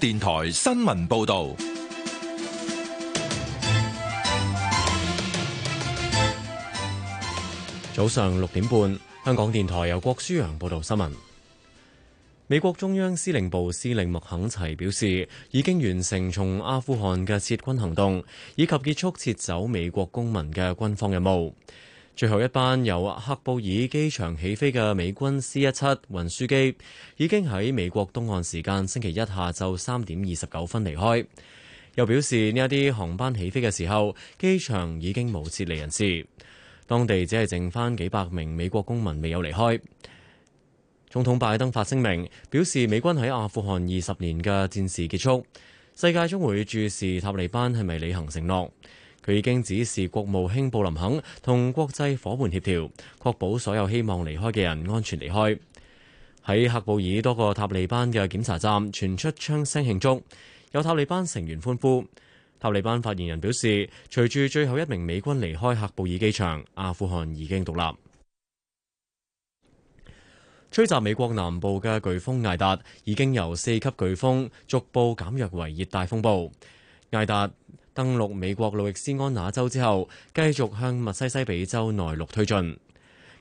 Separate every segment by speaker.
Speaker 1: 電台新聞報道，
Speaker 2: 早上六點半，香港電台由郭舒揚報道新聞。美國中央司令部司令穆肯齊表示，已經完成從阿富汗嘅撤軍行動，以及結束撤走美國公民嘅軍方任務。最後一班由喀布爾機場起飛嘅美軍 C 一七運輸機已經喺美國東岸時間星期一下晝三點二十九分離開。又表示呢一啲航班起飛嘅時候，機場已經冇撤離人士，當地只係剩翻幾百名美國公民未有離開。總統拜登發聲明表示，美軍喺阿富汗二十年嘅戰事結束，世界將會注視塔利班係咪履行承諾。佢已經指示國務卿布林肯同國際伙伴協調，確保所有希望離開嘅人安全離開。喺喀布爾多個塔利班嘅檢查站傳出槍聲慶祝，有塔利班成員歡呼。塔利班發言人表示，隨住最後一名美軍離開喀布爾機場，阿富汗已經獨立。吹襲美國南部嘅颶風艾達已經由四級颶風逐步減弱為熱帶風暴艾達。登陸美國路易斯安那州之後，繼續向密西西比州內陸推進。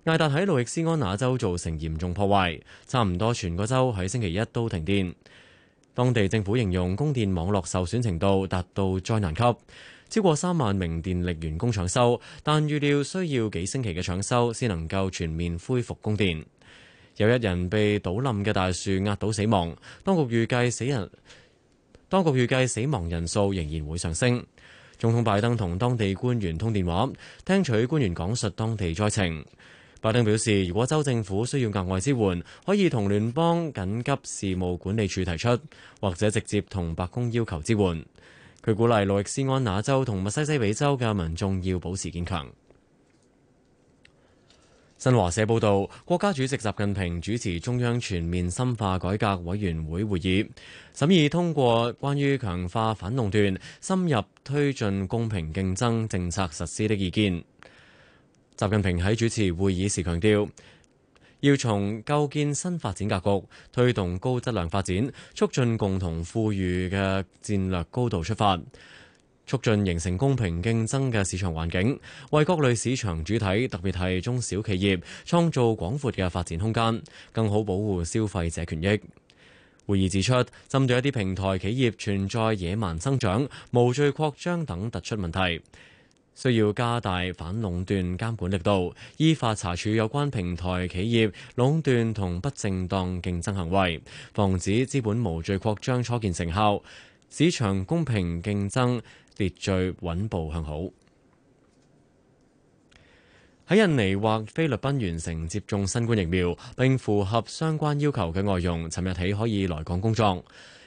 Speaker 2: 艾達喺路易斯安那州造成嚴重破壞，差唔多全個州喺星期一都停電。當地政府形容供電網絡受損程度達到災難級，超過三萬名電力員工搶修，但預料需要幾星期嘅搶修先能夠全面恢復供電。有一人被倒冧嘅大樹壓到死亡，當局預計死人。當局預計死亡人數仍然會上升。總統拜登同當地官員通電話，聽取官員講述當地災情。拜登表示，如果州政府需要額外支援，可以同聯邦緊急事務管理處提出，或者直接同白宮要求支援。佢鼓勵路易斯安那州同密西西比州嘅民眾要保持堅強。新華社報道，國家主席習近平主持中央全面深化改革委員會會議，審議通過關於強化反壟斷、深入推進公平競爭政策實施的意見。習近平喺主持會議時強調，要從構建新發展格局、推動高質量發展、促進共同富裕嘅戰略高度出發。促進形成公平競爭嘅市場環境，為各類市場主體，特別係中小企業，創造廣闊嘅發展空間，更好保護消費者權益。會議指出，針對一啲平台企業存在野蠻生長、無序擴張等突出問題，需要加大反壟斷監管力度，依法查處有關平台企業壟斷同不正當競爭行為，防止資本無序擴張初見成效，市場公平競爭秩序穩步向好。喺印尼或菲律賓完成接種新冠疫苗並符合相關要求嘅外傭，尋日起可以來港工作。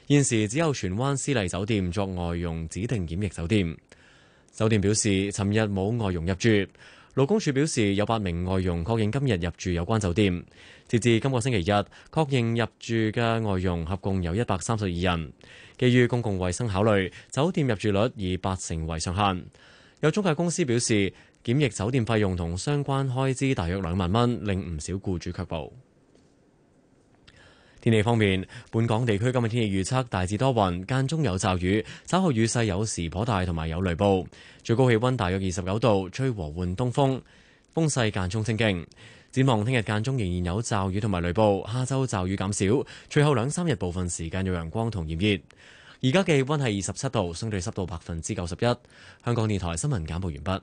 Speaker 2: 現時只有荃灣絲麗酒店作外傭指定檢疫酒店。酒店表示，尋日冇外傭入住。勞工處表示，有八名外傭確認今日入住有關酒店。截至今個星期日，確認入住嘅外傭合共有一百三十二人。基於公共衛生考慮，酒店入住率以八成為上限。有中介公司表示，檢疫酒店費用同相關開支大約兩萬蚊，令唔少雇主卻步。天氣方面，本港地區今日天氣預測大致多雲，間中有驟雨，稍後雨勢有時頗大，同埋有雷暴。最高氣溫大約二十九度，吹和緩東風，風勢間中清勁。展望聽日間中仍然有驟雨同埋雷暴，下周驟雨減少，最後兩三日部分時間有陽光同炎熱。而家嘅氣溫係二十七度，相對濕度百分之九十一。香港電台新聞簡報完畢。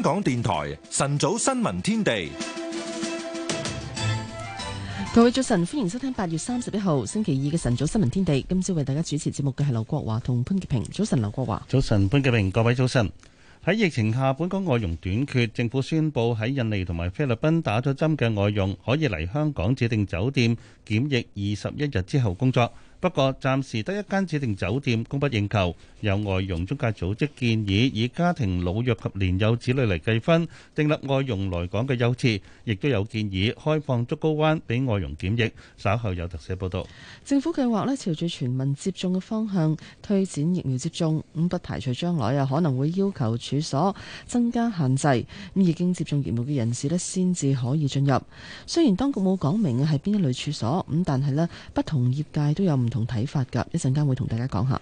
Speaker 1: 香港電台晨早新聞天地，
Speaker 3: 各位早晨，歡迎收聽八月三十一號星期二嘅晨早新聞天地。今朝為大家主持節目嘅係劉國華同潘潔平。早晨，劉國華。
Speaker 4: 早晨，潘潔平。各位早晨。喺疫情下，本港外傭短缺，政府宣布喺印尼同埋菲律賓打咗針嘅外傭可以嚟香港指定酒店檢疫二十一日之後工作。不過暫時得一間指定酒店，供不應求，有外傭中介組織建議以家庭老弱及年幼子女嚟計分，訂立外傭來港嘅優次；亦都有建議開放竹篙灣俾外傭檢疫。稍後有特寫報道。
Speaker 3: 政府計劃呢朝住全民接種嘅方向推展疫苗接種，咁不排除將來啊可能會要求處所增加限制，咁已經接種疫苗嘅人士呢先至可以進入。雖然當局冇講明係邊一類處所，咁但係呢不同業界都有唔同睇法噶，一陣間會同大家講下。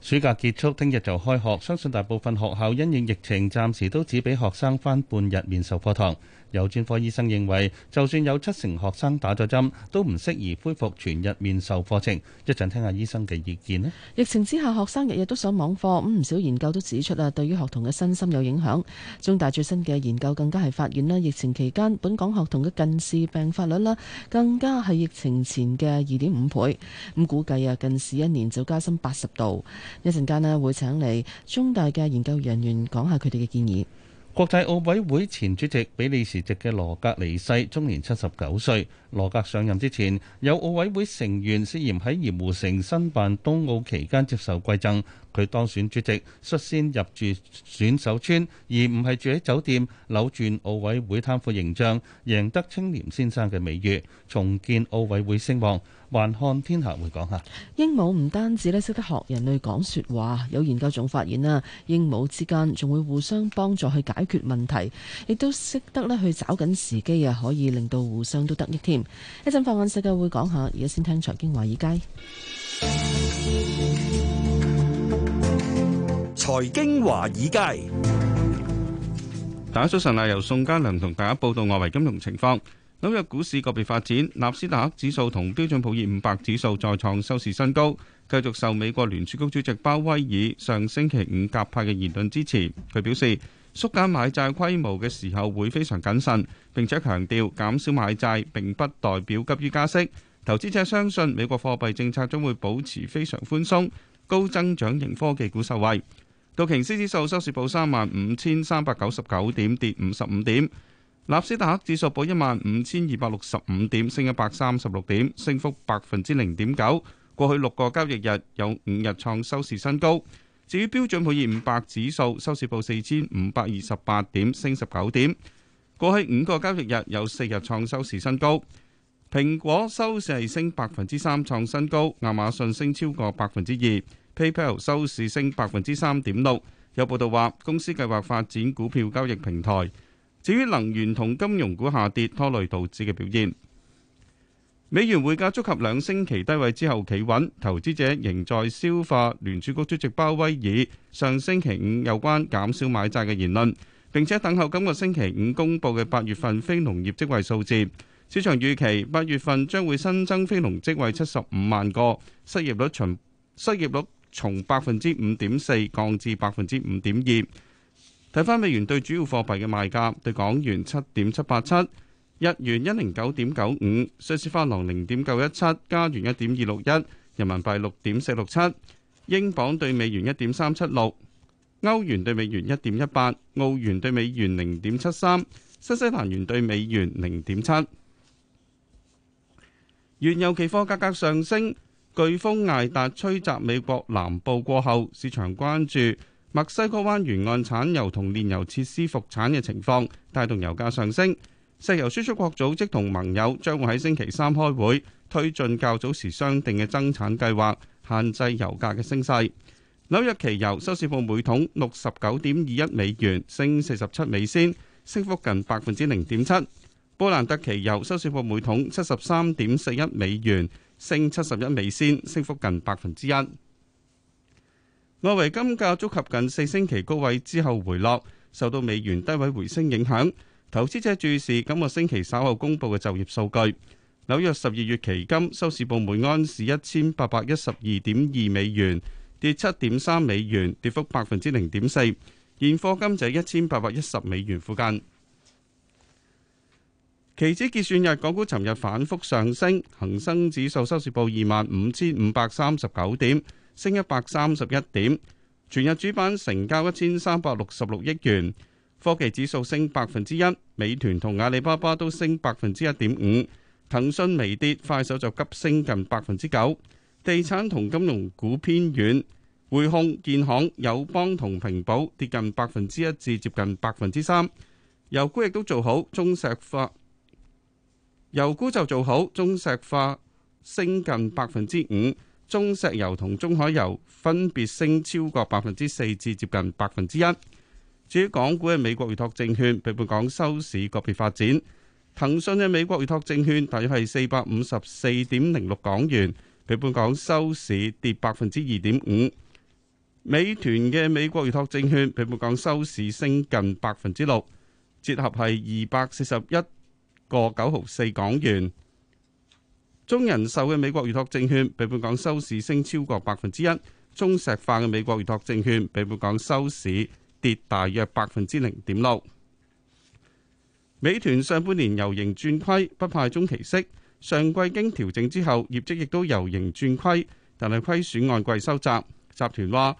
Speaker 4: 暑假結束，聽日就開學，相信大部分學校因應疫情，暫時都只俾學生返半日面授課堂。有專科醫生認為，就算有七成學生打咗針，都唔適宜恢復全日面授課程。一陣聽下醫生嘅意見咧。
Speaker 3: 疫情之下，學生日日都上網課，咁唔少研究都指出啦，對於學童嘅身心有影響。中大最新嘅研究更加係發現咧，疫情期間本港學童嘅近視病發率啦，更加係疫情前嘅二點五倍。咁估計啊，近視一年就加深八十度。一陣間咧會請嚟中大
Speaker 4: 嘅研究人員講下佢哋嘅建議。國際奧委會前主席比利時籍嘅羅格離世，終年七十九歲。羅格上任之前，有奧委會成員涉嫌喺鹽湖城申辦冬奧期間接受饋贈。佢當選主席，率先入住選手村，而唔係住喺酒店，扭轉奧委會貪腐形象，贏得清廉先生嘅美譽，重建奧委會聲望。還看天下會講下，
Speaker 3: 鸚鵡唔單止咧識得學人類講說話，有研究仲發現啊，鸚鵡之間仲會互相幫助去解決問題，亦都識得咧去找緊時機啊，可以令到互相都得益添。一陣放眼世界會講下，而家先聽財經華爾
Speaker 5: 街。
Speaker 6: 財
Speaker 5: 經華爾街，大家早晨啊，由宋家良同大家報道外圍金融情況。紐約股市個別發展，納斯達克指數同標準普爾五百指數再創收市新高，繼續受美國聯儲局主席鮑威爾上星期五鴿派嘅言論支持。佢表示縮減買債規模嘅時候會非常謹慎，並且強調減少買債並不代表急於加息。投資者相信美國貨幣政策將會保持非常寬鬆，高增長型科技股受惠。道瓊斯指數收市報三萬五千三百九十九點，跌五十五點。納斯達克指數報一萬五千二百六十五點，升一百三十六點，升幅百分之零點九。過去六個交易日有五日創收市新高。至於標準普爾五百指數收市報四千五百二十八點，升十九點。過去五個交易日有四日創收市新高。蘋果收市係升百分之三創新高，亞馬遜升超過百分之二，PayPal 收市升百分之三點六。有報道話，公司計劃發展股票交易平台。至於能源同金融股下跌拖累道指嘅表現，美元匯價觸及兩星期低位之後企穩，投資者仍在消化聯儲局主席鮑威爾上星期五有關減少買債嘅言論，並且等候今個星期五公佈嘅八月份非農業職位數字。市場預期八月份將會新增非農職位七十五萬個，失業率從失業率從百分之五點四降至百分之五點二。睇翻美元對主要貨幣嘅賣價，對港元七點七八七，日元一零九點九五，瑞士法郎零點九一七，加元一點二六一，人民幣六點四六七，英鎊對美元一點三七六，歐元對美元一點一八，澳元對美元零點七三，新西蘭元對美元零點七。原油期貨價格上升，颶風艾達吹襲美國南部過後，市場關注，墨西哥灣沿岸產油同煉油設施復產嘅情況，帶動油價上升。石油輸出國組織同盟友將會喺星期三開會，推進較早時商定嘅增產計劃，限制油價嘅升勢。紐約期油收市報每桶六十九點二一美元，升四十七美仙，升幅近百分之零點七。布蘭特期油收市報每桶七十三點四一美元，升七十一美仙，升幅近百分之一。外圍金價觸及近四星期高位之後回落，受到美元低位回升影響。投資者注視今個星期稍後公布嘅就業數據。紐約十二月期金收市報每安士一千八百一十二點二美元，跌七點三美元，跌幅百分之零點四。現貨金就一千八百一十美元附近。期指結算日，港股尋日反覆上升，恒生指數收市報二萬五千五百三十九點。升一百三十一點，全日主板成交一千三百六十六億元。科技指數升百分之一，美團同阿里巴巴都升百分之一點五，騰訊微跌，快手就急升近百分之九。地產同金融股偏軟，匯控、建行、友邦同平保跌近百分之一至接近百分之三。油股亦都做好，中石化油股就做好，中石化升近百分之五。中石油同中海油分別升超過百分之四至接近百分之一。至於港股嘅美國預託證券，比本港收市個別發展。騰訊嘅美國預託證券大約係四百五十四點零六港元，比本港收市跌百分之二點五。美團嘅美國預託證券比本港收市升近百分之六，折合係二百四十一個九毫四港元。中人壽嘅美國預託證券比本港收市升超過百分之一，中石化嘅美國預託證券比本港收市跌大約百分之零點六。美團上半年由盈轉虧，不派中期息。上季經調整之後，業績亦都由盈轉虧，但係虧損按季收窄。集團話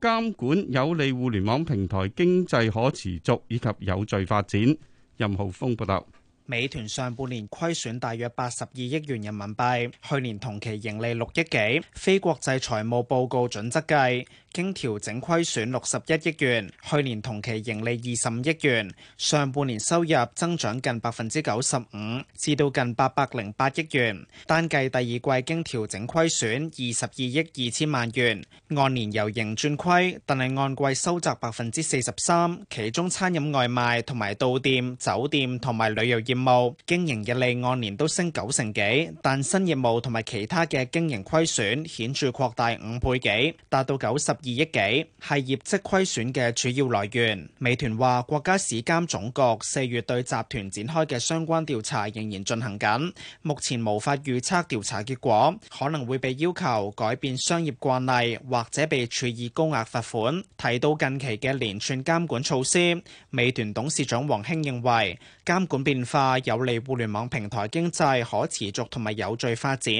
Speaker 5: 監管有利互聯網平台經濟可持續以及有序發展。任浩峰報道。
Speaker 7: 美團上半年虧損大約八十二億元人民幣，去年同期盈利六億幾，非國際財務報告準則計。經調整虧損六十一億元，去年同期盈利二十五億元，上半年收入增長近百分之九十五，至到近八百零八億元。單計第二季經調整虧損二十二億二千萬元，按年由盈轉虧，但係按季收窄百分之四十三。其中餐飲外賣同埋到店酒店同埋旅遊業務經營溢利按年都升九成幾，但新業務同埋其他嘅經營虧損顯著擴大五倍幾，達到九十。二億幾係業績虧損嘅主要來源。美團話，國家市監總局四月對集團展開嘅相關調查仍然進行緊，目前無法預測調查結果，可能會被要求改變商業慣例或者被處以高額罰款。提到近期嘅連串監管措施，美團董事長王興認為，監管變化有利互聯網平台經濟可持續同埋有序發展，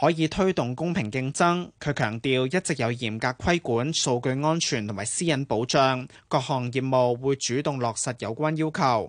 Speaker 7: 可以推動公平競爭。佢強調一直有嚴格規管。數據安全同埋私隱保障，各項業務會主動落實有關要求。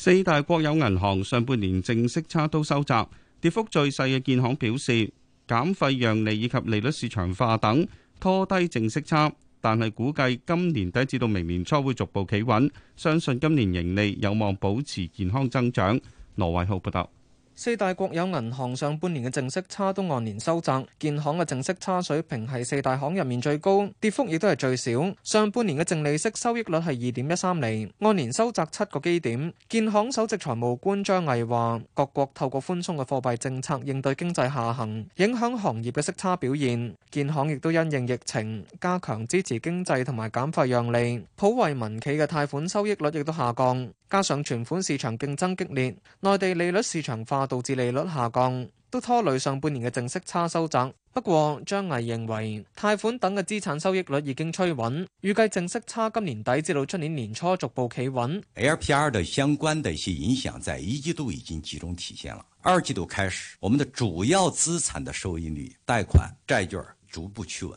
Speaker 5: 四大國有銀行上半年淨息差都收窄，跌幅最細嘅建行表示，減費讓利以及利率市場化等拖低淨息差，但係估計今年底至到明年初會逐步企穩，相信今年盈利有望保持健康增長。羅偉浩報道。
Speaker 8: 四大國有銀行上半年嘅淨息差都按年收窄，建行嘅淨息差水平係四大行入面最高，跌幅亦都係最少。上半年嘅淨利息收益率係二點一三厘，按年收窄七個基點。建行首席財務官張毅話，各國透過寬鬆嘅貨幣政策應對經濟下行，影響行業嘅息差表現。建行亦都因應疫情加強支持經濟同埋減費讓利，普惠民企嘅貸款收益率亦都下降。加上存款市場競爭激烈，內地利率市場化導致利率下降，都拖累上半年嘅淨息差收窄。不過張毅認為，貸款等嘅資產收益率已經趨穩，預計淨息差今年底至到出年年初逐步企穩。LPR 的相關的一些影響在一季度已經集中體現了，二季度開始，我們的主要資產的收益率，貸款、債券逐步趨穩。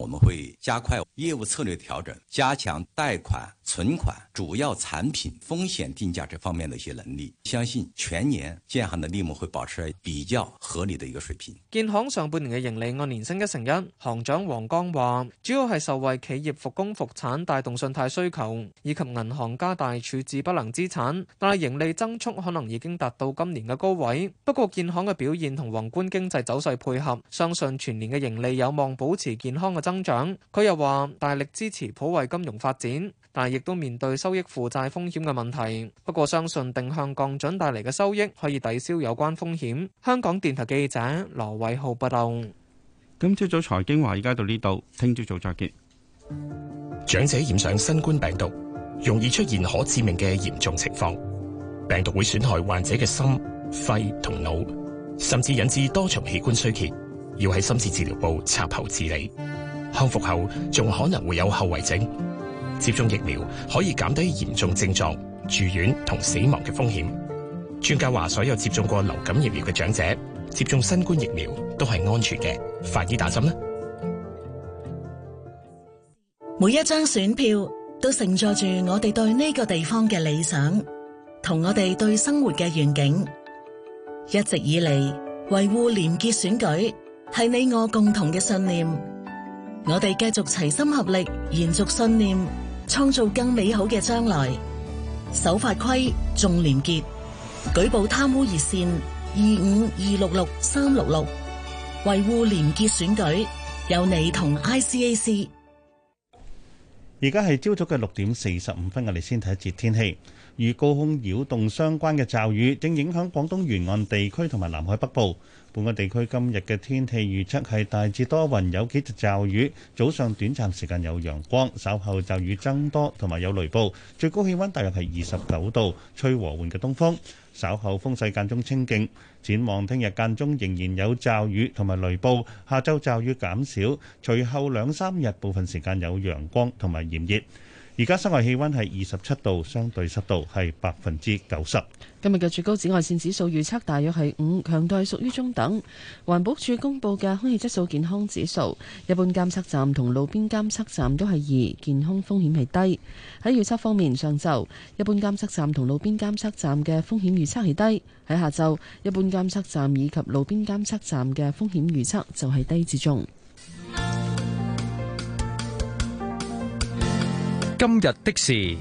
Speaker 8: 我們會加快業務策略調整，加強貸款、存款主要產品風險定價這方面的一些能力。相信全年建行的利目會保持比較合理的一個水平。建行上半年嘅盈利按年升一成一，行長黃剛話，主要係受惠企業復工復產帶動信貸需求，以及銀行加大處置不良資產，但係盈利增速可能已經達到今年嘅高位。不過建行嘅表現同宏觀經濟走勢配合，相信全年嘅盈利有望保持健康嘅增。增長，佢又話大力支持普惠金融發展，但係亦都面對收益負債風險嘅問題。不過相信定向降準帶嚟嘅收益可以抵消有關風險。香港電台記者羅偉浩報道。
Speaker 5: 今朝早財經話而家到呢度，聽朝早再見。長者染上新冠病毒，容易出現可致命嘅嚴重情況，病毒會
Speaker 9: 損害患者嘅心、肺同腦，甚至引致多重器官衰竭，要喺深切治療部插喉治理。康復後仲可能會有後遺症，接種疫苗可以減低嚴重症狀、住院同死亡嘅風險。專家話，所有接種過流感疫苗嘅長者接種新冠疫苗都係安全
Speaker 10: 嘅。快啲打針啦！
Speaker 11: 每一張選票都承載住我哋對呢個地方嘅理想，同我哋對生活嘅願景。一直以嚟，維護廉潔選舉係你我共同嘅信念。我哋繼續齊心合力，延續信念，創造更美好嘅將來。守法規，重廉潔，舉報貪污熱線二五二六六三六六，維護廉潔選舉，有你同 ICAC。而
Speaker 4: 家係朝早嘅六點四十五分，我哋先睇一節天氣。與高空擾動相關嘅驟雨正影響廣東沿岸地區同埋南海北部。本個地區今日嘅天氣預測係大致多雲，有幾陣驟雨，早上短暫時間有陽光，稍後驟雨增多同埋有雷暴，最高氣溫大約係二十九度，吹和緩嘅東風，稍後風勢間中清勁。展望聽日間中仍然有驟雨同埋雷暴，下晝驟雨減少，隨後兩三日部分時間有陽光同埋炎熱。而家室外氣溫係二十七度，相對濕度係百分之九十。今日
Speaker 3: 嘅最高紫外線指數預測大約係五，強度係屬於中等。環保署公布嘅空氣質素健康指數，一般監測站同路邊監測站都係二，健康風險係低。喺預測方面，上晝一般監測站同路邊監測站嘅風險預測係低；喺下晝，一般監測站以及路邊監測站嘅風險預測就係低至中。
Speaker 12: 今日的事，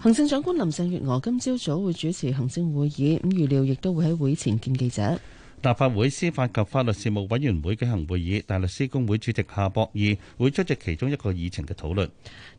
Speaker 3: 行政長官林鄭月娥今朝早早會主持行政會議，咁預料亦都會喺會前見記者。
Speaker 4: 立法會司法及法律事務委員會舉行會議，大律師公會主席夏博義會出席其中一個議程嘅討論。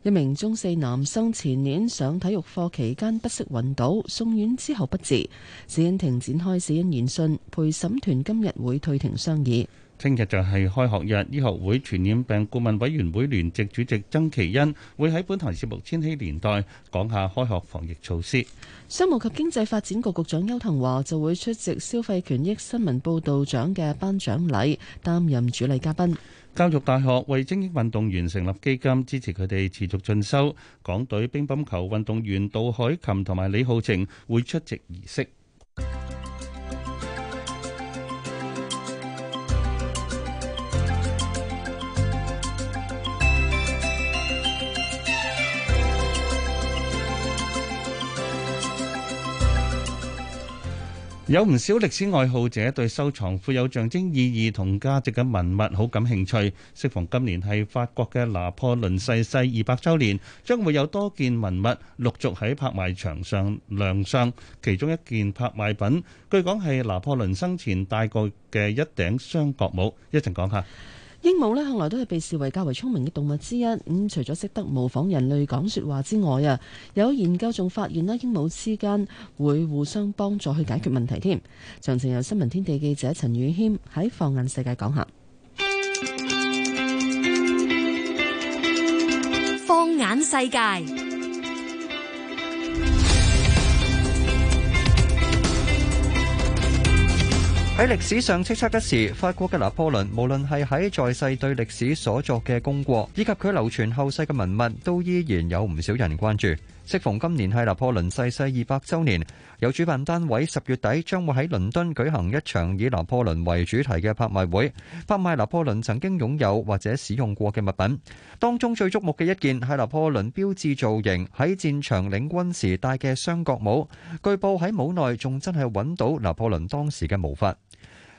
Speaker 3: 一名中四男生前年上體育課期間不適暈倒，送院之後不治。死因庭展開死因研訊，陪審團今日會退庭商議。
Speaker 4: 聽日就係開學日，醫學會傳染病顧問委員會聯席主席曾奇恩會喺本台節目《千禧年代》講下開學防疫措施。
Speaker 3: 商務及經濟發展局局長邱騰華就會出席消費權益新聞報導獎嘅頒獎禮，擔任主禮嘉賓。
Speaker 4: 教育大學為精英運動員成立基金，支持佢哋持續進修。港隊乒乓球運動員杜海琴同埋李浩晴會出席儀式。有唔少歷史愛好者對收藏富有象徵意義同價值嘅文物好感興趣。適逢今年係法國嘅拿破崙逝世二百周年，將會有多件文物陸續喺拍賣場上亮相。其中一件拍賣品，據講係拿破崙生前戴過嘅一頂雙角帽，一陣講下。
Speaker 3: 鸚鵡咧向來都係被視為較為聰明嘅動物之一，咁、嗯、除咗識得模仿人類講說話之外啊，有研究仲發現咧，鸚鵡之間會互相幫助去解決問題添。詳情由新聞天地記者陳宇謙喺放眼世界講
Speaker 13: 下。放眼世界。
Speaker 14: 喺歷史上，叱咤一時，法國嘅拿破崙無論係喺在世對歷史所作嘅功過，以及佢流傳後世嘅文物，都依然有唔少人關注。適逢今年係拿破崙逝世二百週年，有主辦單位十月底將會喺倫敦舉行一場以拿破崙為主題嘅拍賣會，拍賣拿破崙曾經擁有或者使用過嘅物品。當中最矚目嘅一件係拿破崙標誌造型喺戰場領軍時戴嘅雙角帽，據報喺帽內仲真係揾到拿破崙當時嘅毛髮。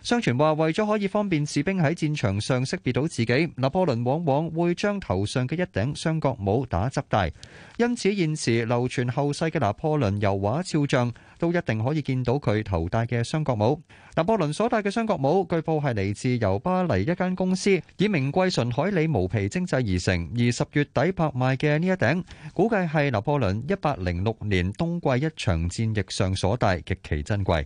Speaker 14: 相傳話為咗可以方便士兵喺戰場上識別到自己，拿破崙往往會將頭上嘅一頂雙角帽打執大。因此現時流傳後世嘅拿破崙油畫肖像，都一定可以見到佢頭戴嘅雙角帽。拿破崙所戴嘅雙角帽，據報係嚟自由巴黎一間公司，以名貴純海里毛皮精製而成。而十月底拍賣嘅呢一頂，估計係拿破崙一八零六年冬季一場戰役上所戴，極其珍貴。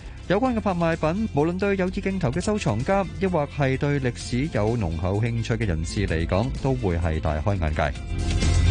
Speaker 14: 有關嘅拍賣品，無論對有意競投嘅收藏家，亦或係對歷史有濃厚興趣嘅人士嚟講，都會係大開眼界。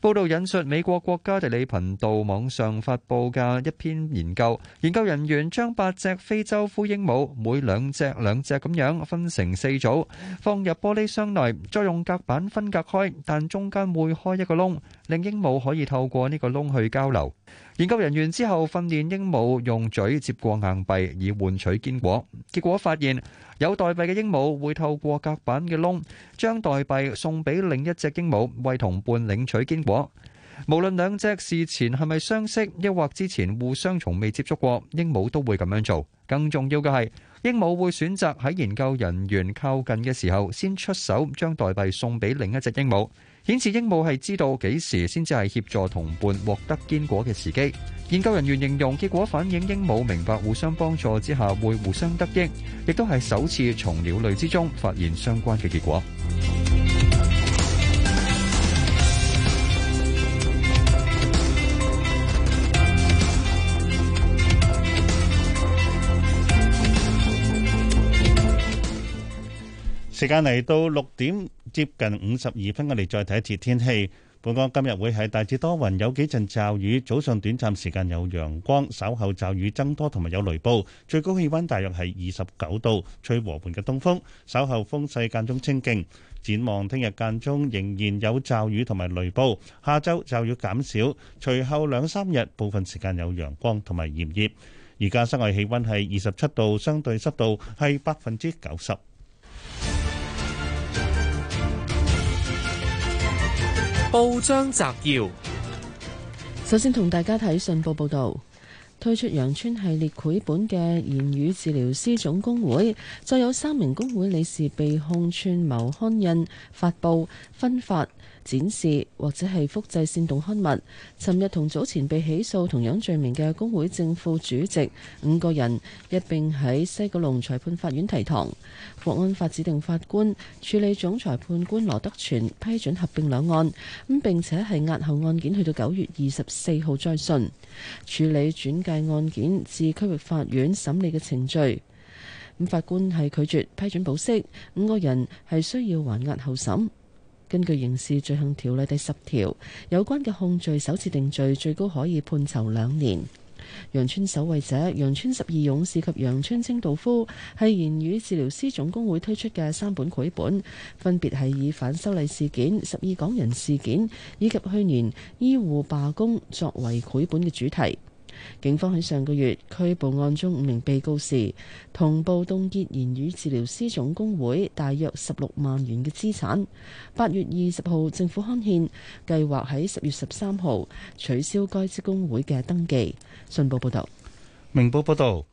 Speaker 14: 報道引述美國國家地理頻道網上發布嘅一篇研究，研究人員將八隻非洲灰鸚鵡每兩隻兩隻咁樣分成四組，放入玻璃箱內，再用夾板分隔開，但中間會開一個窿，令鸚鵡可以透過呢個窿去交流。研究人員之後訓練鸚鵡用嘴接過硬幣以換取堅果，結果發現，有代幣嘅鸚鵡會透過隔板嘅窿，將代幣送俾另一隻鸚鵡，為同伴領取堅果。無論兩隻事前係咪相識，抑或之前互相從未接觸過，鸚鵡都會咁樣做。更重要嘅係，鸚鵡會選擇喺研究人員靠近嘅時候，先出手將代幣送俾另一隻鸚鵡。顯示鸚鵡係知道幾時先至係協助同伴獲得堅果嘅時機。研究人員形容結果反映鸚鵡明白互相幫助之下會互相得益，亦都係首次從鳥類之中發現相關嘅結果。
Speaker 4: 時間嚟到六點。接近五十二分，我哋再睇一次天氣。本港今日會係大致多雲，有幾陣驟雨，早上短暫時間有陽光，稍後驟雨增多同埋有雷暴。最高氣温大約係二十九度，吹和緩嘅東風，稍後風勢間中清勁。展望聽日間中仍然有驟雨同埋雷暴，下週驟雨減少，隨後兩三日部分時間有陽光同埋炎熱。而家室外氣温係二十七度，相對濕度係百分之九十。
Speaker 9: 報章摘要：
Speaker 3: 首先同大家睇信報報道，推出羊村系列繪本嘅言語治療師總工會，再有三名工會理事被控串謀刊印、發佈、分發。展示或者係複製煽動刊物。尋日同早前被起訴同樣罪名嘅工會正副主席五個人一併喺西九龍裁判法院提堂。獲國安法指定法官處理，總裁判官羅德全批准合併兩案，咁並且係押後案件去到九月二十四號再訊處理轉介案件至區域法院審理嘅程序。咁法官係拒絕批准保釋，五個人係需要還押候審。根據刑事罪行條例第十條，有關嘅控罪首次定罪，最高可以判囚兩年。羊村守衞者、羊村十二勇士及羊村清道夫係言語治療師總工會推出嘅三本繪本，分別係以反修例事件、十二港人事件以及去年醫護罷工作為繪本嘅主題。警方喺上個月拘捕案中五名被告時，同步凍結言語治療師總工會大約十六萬元嘅資產。八月二十號，政府刊憲計劃喺十月十三號取消該職工會嘅登記。信報報
Speaker 4: 道，明報報道，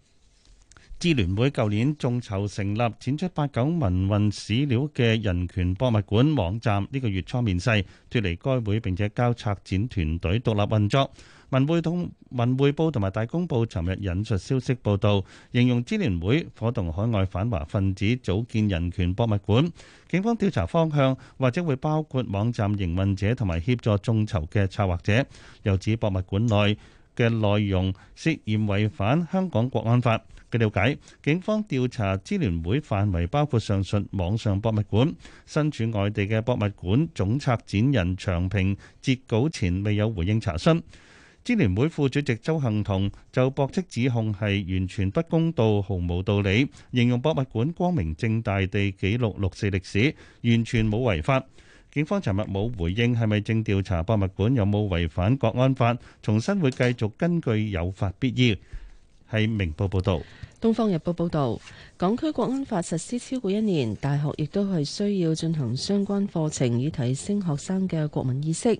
Speaker 4: 支聯會舊年眾籌成立展出八九民運史料嘅人權博物館網站，呢、這個月初面世，脫離該會並且交策展團隊獨立運作。文匯同文匯報同埋大公報尋日引述消息報道，形容支聯會伙同海外反華分子組建人權博物館，警方調查方向或者會包括網站營運者同埋協助眾籌嘅策劃者，又指博物館內嘅內容涉嫌違反香港國安法。據了解，警方調查支聯會範圍包括上述網上博物館，身處外地嘅博物館總策展人長平截稿前未有回應查詢。支聯會副主席周幸彤就駁斥指控係完全不公道，毫無道理，形容博物館光明正大地記錄六四歷史，完全冇違法。警方尋日冇回應係咪正調查博物館有冇違反國安法，重申會繼續根據有法必依。係明報報道，
Speaker 3: 《東方日報》報道，港區國安法實施超過一年，大學亦都係需要進行相關課程，以提升學生嘅國民意識。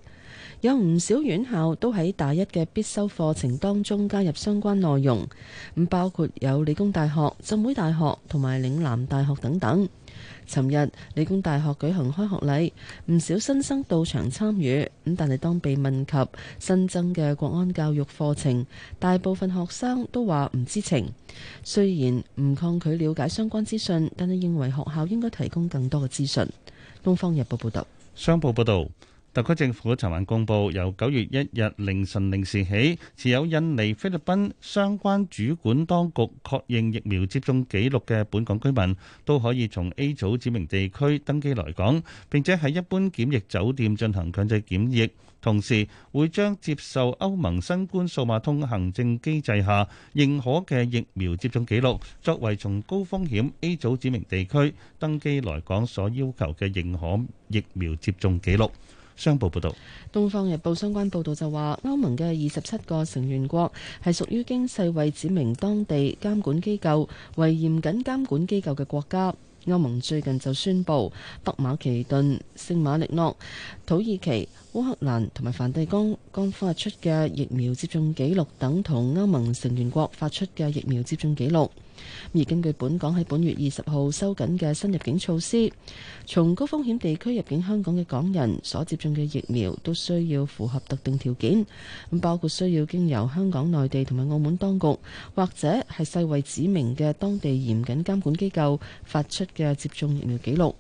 Speaker 3: 有唔少院校都喺大一嘅必修課程當中加入相關內容，咁包括有理工大學、浸會大學同埋嶺南大學等等。尋日理工大學舉行開學禮，唔少新生到場參與，咁但係當被問及新增嘅國安教育課程，大部分學生都話唔知情。雖然唔抗拒了解相關資訊，但係認為學校應該提供更多嘅資訊。東方日報報道，
Speaker 4: 商報報道。特區政府昨晚公布，由九月一日凌晨零時起，持有印尼、菲律賓相關主管當局確認疫苗接種記錄嘅本港居民，都可以從 A 組指明地區登機來港，並且喺一般檢疫酒店進行強制檢疫。同時，會將接受歐盟新冠數碼通行政機制下認可嘅疫苗接種記錄，作為從高風險 A 組指明地區登機來港所要求嘅認可疫苗接種記錄。商報報
Speaker 15: 導，
Speaker 3: 《東方日報》相關報導就話，歐盟嘅二十七個成員國係屬於經世衛指明當地監管機構為嚴謹監，監管機構嘅國家。歐盟最近就宣布，北馬其頓、聖馬力諾、土耳其、烏克蘭同埋梵蒂岡剛發出嘅疫苗接種記錄，等同歐盟成員國發出嘅疫苗接種記錄。而根據本港喺本月二十號收緊嘅新入境措施，從高風險地區入境香港嘅港人，所接種嘅疫苗都需要符合特定條件，咁包括需要經由香港內地同埋澳門當局，或者係世衞指明嘅當地嚴謹監管機構發出嘅接種疫苗記錄，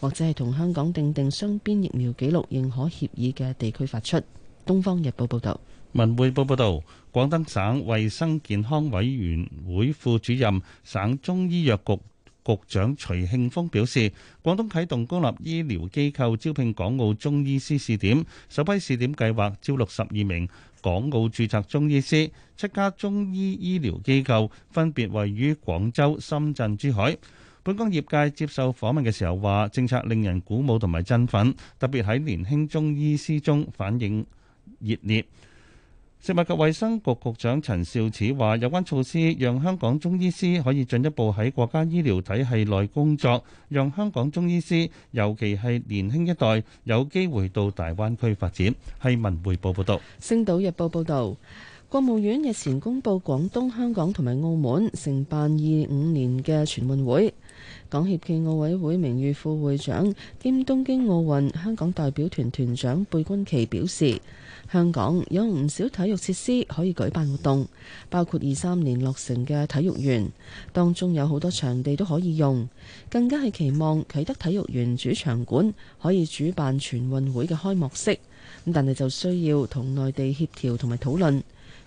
Speaker 3: 或者係同香港訂定雙邊疫苗記錄認可協議嘅地區發出。《東方日報》報道。
Speaker 4: 文匯報報道，廣東省衛生健康委員會副主任、省中醫藥局局長徐慶峰表示，廣東啟動公立醫療機構招聘港澳中醫師試點，首批試點計劃招六十二名港澳注冊中醫師，七家中醫醫療機構分別位於廣州、深圳、珠海。本港業界接受訪問嘅時候話，政策令人鼓舞同埋振奮，特別喺年輕中醫師中反應熱烈。食物及衛生局局長陳肇始話：有關措施讓香港中醫師可以進一步喺國家醫療體系內工作，讓香港中醫師，尤其係年輕一代，有機會到大灣區發展。係文匯報報導。
Speaker 3: 《星島日報》報導，國務院日前公布廣東、香港同埋澳門承辦二五年嘅全運會。港協暨奧委會名譽副會長兼東京奧運香港代表團團長貝鈞奇表示。香港有唔少體育設施可以舉辦活動，包括二三年落成嘅體育園，當中有好多場地都可以用。更加係期望啟德體育園主場館可以主辦全運會嘅開幕式。咁但係就需要同內地協調同埋討論。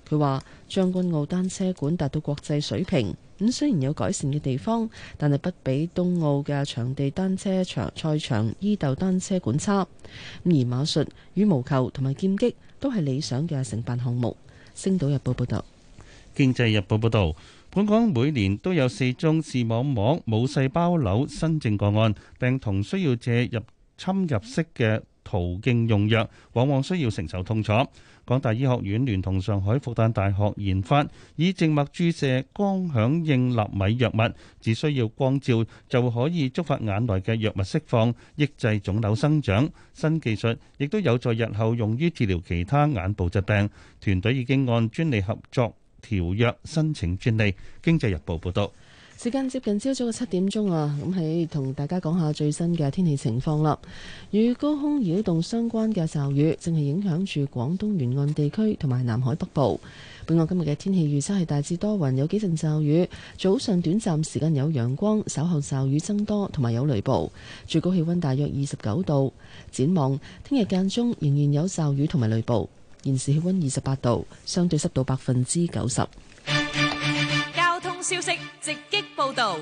Speaker 3: 佢話將軍澳單車館達到國際水平，咁雖然有改善嘅地方，但係不比東奧嘅場地單車場賽場伊豆單車館差。而馬術、羽毛球同埋劍擊。都係理想嘅承辦項目。星島日報報道：
Speaker 4: 經濟日報報道，本港每年都有四宗視網膜母細胞瘤新症個案，病童需要借入侵入式嘅途徑用藥，往往需要承受痛楚。港大醫學院聯同上海復旦大學研發以靜脈注射光響應納米藥物，只需要光照就可以觸發眼內嘅藥物釋放，抑制腫瘤生長。新技術亦都有在日後用於治療其他眼部疾病。團隊已經按專利合作條約申請專利。經濟日報報道。
Speaker 3: 時間接近朝早嘅七點鐘啊，咁喺同大家講下最新嘅天氣情況啦。與高空擾動相關嘅驟雨正係影響住廣東沿岸地區同埋南海北部。本港今日嘅天氣預測係大致多雲，有幾陣驟雨，早上短暫時間有陽光，稍後驟雨增多同埋有雷暴，最高氣温大約二十九度。展望聽日間中仍然有驟雨同埋雷暴。現時氣温二十八度，相對濕度百分之九十。
Speaker 13: 消息直擊報導。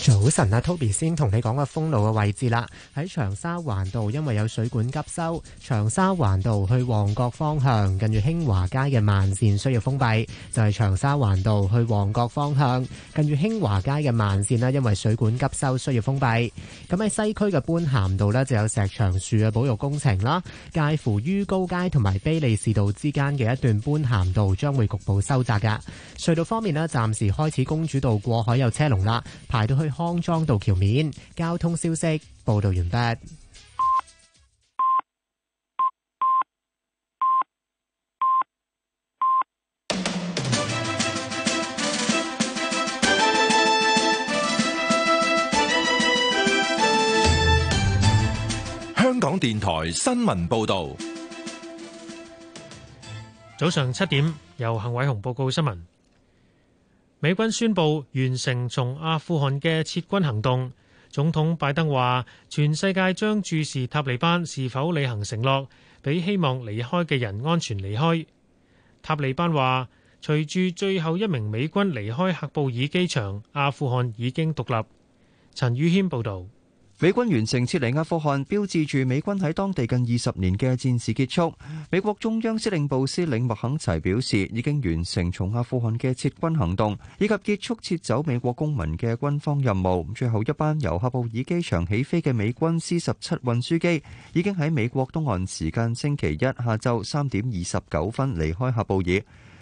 Speaker 16: 早晨啊，Toby 先同你講個封路嘅位置啦。喺長沙環道，因為有水管急修，長沙環道去旺角方向近住興華街嘅慢綫需要封閉，就係長沙環道去旺角方向近住興華街嘅慢綫啦。因為水管急修需要封閉。咁喺西區嘅般咸道咧，就有石牆樹嘅保育工程啦。介乎於高街同埋卑利士道之間嘅一段般咸道將會局部收窄嘅。隧道方面咧，暫時開始公主道過海有車龍啦，排到去康莊道橋面交通消息報道完畢。
Speaker 1: 香港電台新聞報道，
Speaker 10: 早上七點由幸偉雄報告新聞。美軍宣布完成從阿富汗嘅撤軍行動。總統拜登話：全世界將注視塔利班是否履行承諾，俾希望離開嘅人安全離開。塔利班話：隨住最後一名美軍離開喀布爾機場，阿富汗已經獨立。陳宇謙報道。
Speaker 14: 美軍完成撤離阿富汗，標誌住美軍喺當地近二十年嘅戰事結束。美國中央司令部司令麥肯齊表示，已經完成從阿富汗嘅撤軍行動，以及結束撤走美國公民嘅軍方任務。最後一班由喀布爾機場起飛嘅美軍 C 十七運輸機，已經喺美國東岸時間星期一下晝三點二十九分離開喀布爾。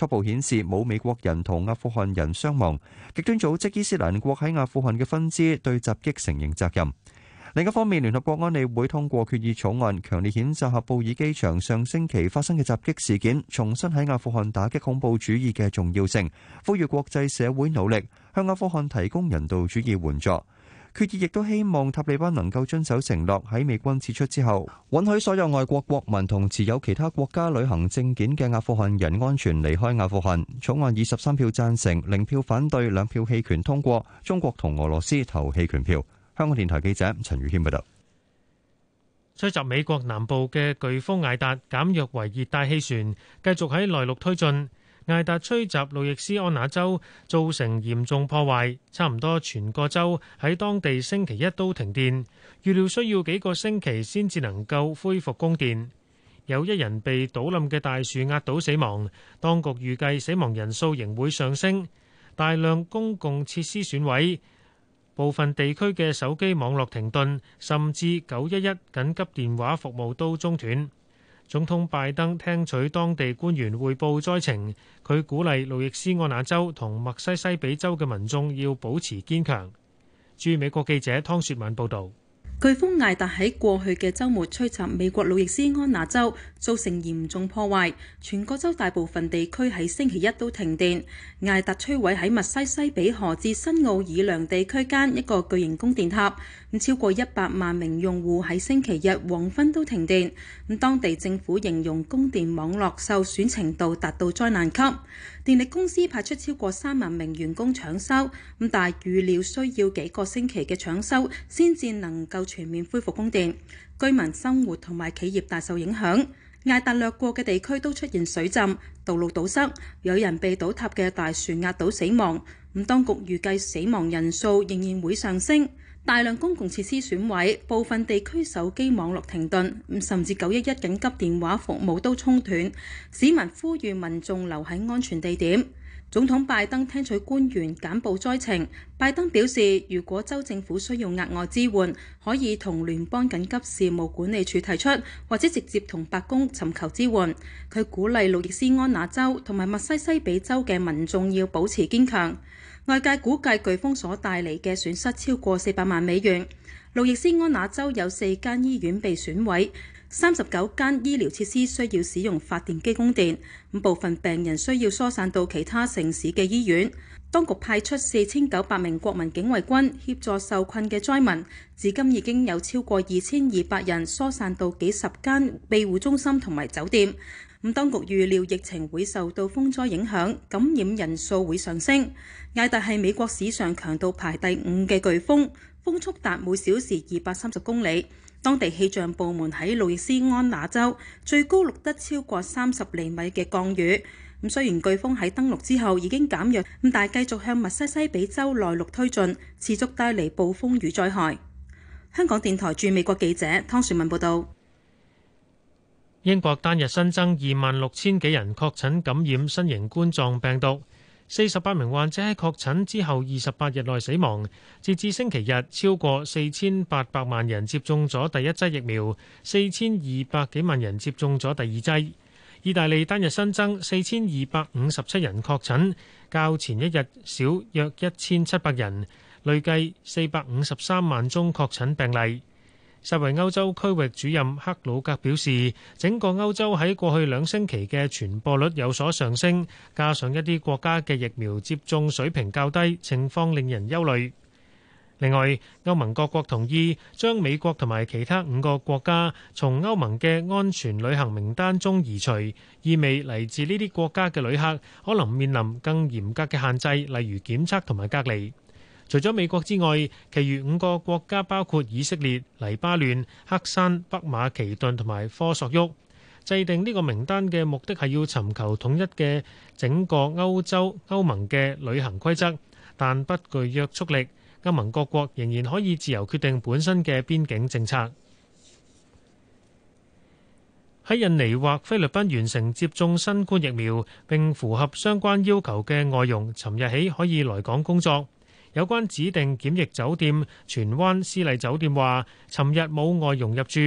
Speaker 14: 初步顯示冇美國人同阿富汗人傷亡，極端組織伊斯蘭國喺阿富汗嘅分支對襲擊承認責任。另一方面，聯合國安理會通過決議草案，強烈譴責喀布爾機場上星期發生嘅襲擊事件，重申喺阿富汗打擊恐怖主義嘅重要性，呼籲國際社會努力向阿富汗提供人道主義援助。決議亦都希望塔利班能夠遵守承諾，喺美軍撤出之後，允許所有外國國民同持有其他國家旅行證件嘅阿富汗人安全離開阿富汗。草案以十三票贊成，零票反對，兩票棄權通過。中國同俄羅斯投棄權票。香港電台記者陳宇軒報導。
Speaker 10: 吹襲美國南部嘅颶風艾達減弱為熱帶氣旋，繼續喺內陸推進。艾達吹襲路易斯安那州，造成嚴重破壞，差唔多全個州喺當地星期一都停電，預料需要幾個星期先至能夠恢復供電。有一人被倒冧嘅大樹壓倒死亡，當局預計死亡人數仍會上升。大量公共設施損毀，部分地區嘅手機網絡停頓，甚至九一一緊急電話服務都中斷。總統拜登聽取當地官員匯報災情，佢鼓勵路易斯安那州同墨西西比州嘅民眾要保持堅強。駐美國記者湯雪敏報道，
Speaker 17: 颶風艾達喺過去嘅周末吹襲美國路易斯安那州，造成嚴重破壞，全個州大部分地區喺星期一都停電。艾達摧毀喺墨西西比河至新奧爾良地區間一個巨型供電塔。咁超過一百萬名用戶喺星期日黃昏都停電，咁當地政府形容供電網絡受損程度達到災難級，電力公司派出超過三萬名員工搶修，咁但係預料需要幾個星期嘅搶修先至能夠全面恢復供電，居民生活同埋企業大受影響。艾達略過嘅地區都出現水浸、道路堵塞，有人被倒塌嘅大樹壓倒死亡，咁當局預計死亡人數仍然會上升。大量公共設施損毀，部分地區手機網絡停頓，甚至九一一緊急電話服務都中斷，市民呼籲民眾留喺安全地點。總統拜登聽取官員簡報災情。拜登表示，如果州政府需要額外支援，可以同聯邦緊急事務管理處提出，或者直接同白宮尋求支援。佢鼓勵路易斯安那州同埋密西西比州嘅民眾要保持堅強。外界估計颶風所帶嚟嘅損失超過四百萬美元。路易斯安那州有四間醫院被損毀，三十九間醫療設施需要使用發電機供電。部分病人需要疏散到其他城市嘅醫院。當局派出四千九百名國民警衛軍協助受困嘅災民，至今已經有超過二千二百人疏散到幾十間庇護中心同埋酒店。咁當局預料疫情會受到風災影響，感染人數會上升。艾達係美國史上強度排第五嘅颶風，風速達每小時二百三十公里。當地氣象部門喺路易斯安那州最高錄得超過三十厘米嘅降雨。咁雖然颶風喺登陸之後已經減弱，咁但係繼續向密西西比州內陸推進，持續帶嚟暴風雨災害。香港電台駐美國記者湯雪文報道。
Speaker 10: 英國單日新增二萬六千幾人確診感染新型冠狀病毒。四十八名患者喺確診之後二十八日內死亡。截至星期日，超過四千八百萬人接種咗第一劑疫苗，四千二百幾萬人接種咗第二劑。意大利單日新增四千二百五十七人確診，較前一日少約一千七百人，累計四百五十三萬宗確診病例。世衛歐洲區域主任克魯格表示，整個歐洲喺過去兩星期嘅傳播率有所上升，加上一啲國家嘅疫苗接種水平較低，情況令人憂慮。另外，歐盟各國同意將美國同埋其他五個國家從歐盟嘅安全旅行名單中移除，意味嚟自呢啲國家嘅旅客可能面臨更嚴格嘅限制，例如檢測同埋隔離。除咗美國之外，其餘五個國家包括以色列、黎巴嫩、黑山、北馬其頓同埋科索沃。制定呢個名單嘅目的係要尋求統一嘅整個歐洲歐盟嘅旅行規則，但不具約束力。歐盟各國仍然可以自由決定本身嘅邊境政策。喺印尼或菲律賓完成接種新冠疫苗並符合相關要求嘅外傭，尋日起可以來港工作。有關指定檢疫酒店荃灣私麗酒店話，尋日冇外傭入住。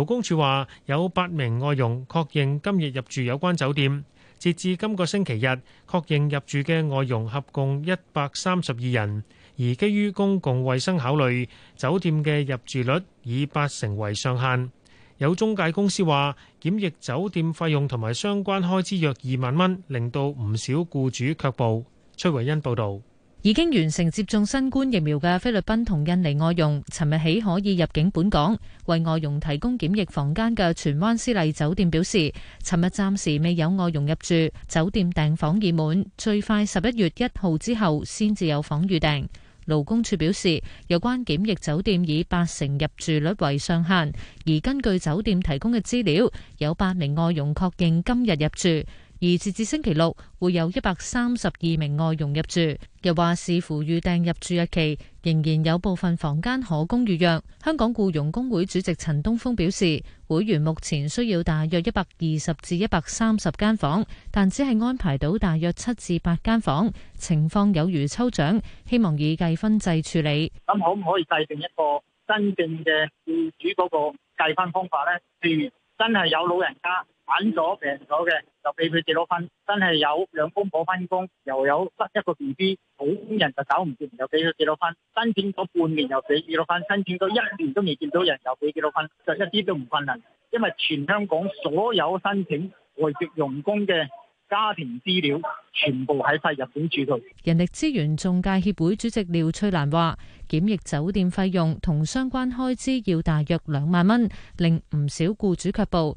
Speaker 10: 勞工處話，有八名外傭確認今日入住有關酒店，截至今個星期日確認入住嘅外傭合共一百三十二人。而基於公共衛生考慮，酒店嘅入住率以八成為上限。有中介公司話，檢疫酒店費用同埋相關開支約二萬蚊，令到唔少僱主卻步。崔維恩報導。
Speaker 13: 已經完成接種新冠疫苗嘅菲律賓同印尼外傭，尋日起可以入境本港。為外傭提供檢疫房間嘅荃灣思麗酒店表示，尋日暫時未有外傭入住，酒店訂房已滿，最快十一月一號之後先至有房預訂。勞工處表示，有關檢疫酒店以八成入住率為上限，而根據酒店提供嘅資料，有八名外傭確認今日入住。而截至星期六，會有一百三十二名外傭入住。又話視乎預訂入住日期，仍然有部分房間可供預約。香港僱傭工會主席陳東峰表示，會員目前需要大約一百二十至一百三十間房，但只係安排到大約七至八間房，情況有如抽獎，希望以計分制處理。
Speaker 18: 咁可唔可以制定一個真正嘅雇主嗰個計分方法咧？譬如真係有老人家。揾咗病咗嘅就俾佢幾多分，真係有兩公婆分工，又有得一個 B B，好多人就找唔見，又俾佢幾多分。申請咗半年又俾幾多分，申請咗一年都未見到人又俾幾多分，就一啲都唔困難。因為全香港所有申請外籍傭工嘅家庭資料，全部喺晒入境處度。
Speaker 13: 人力資源仲介協會主席廖翠蘭話：檢疫酒店費用同相關開支要大約兩萬蚊，令唔少僱主卻步。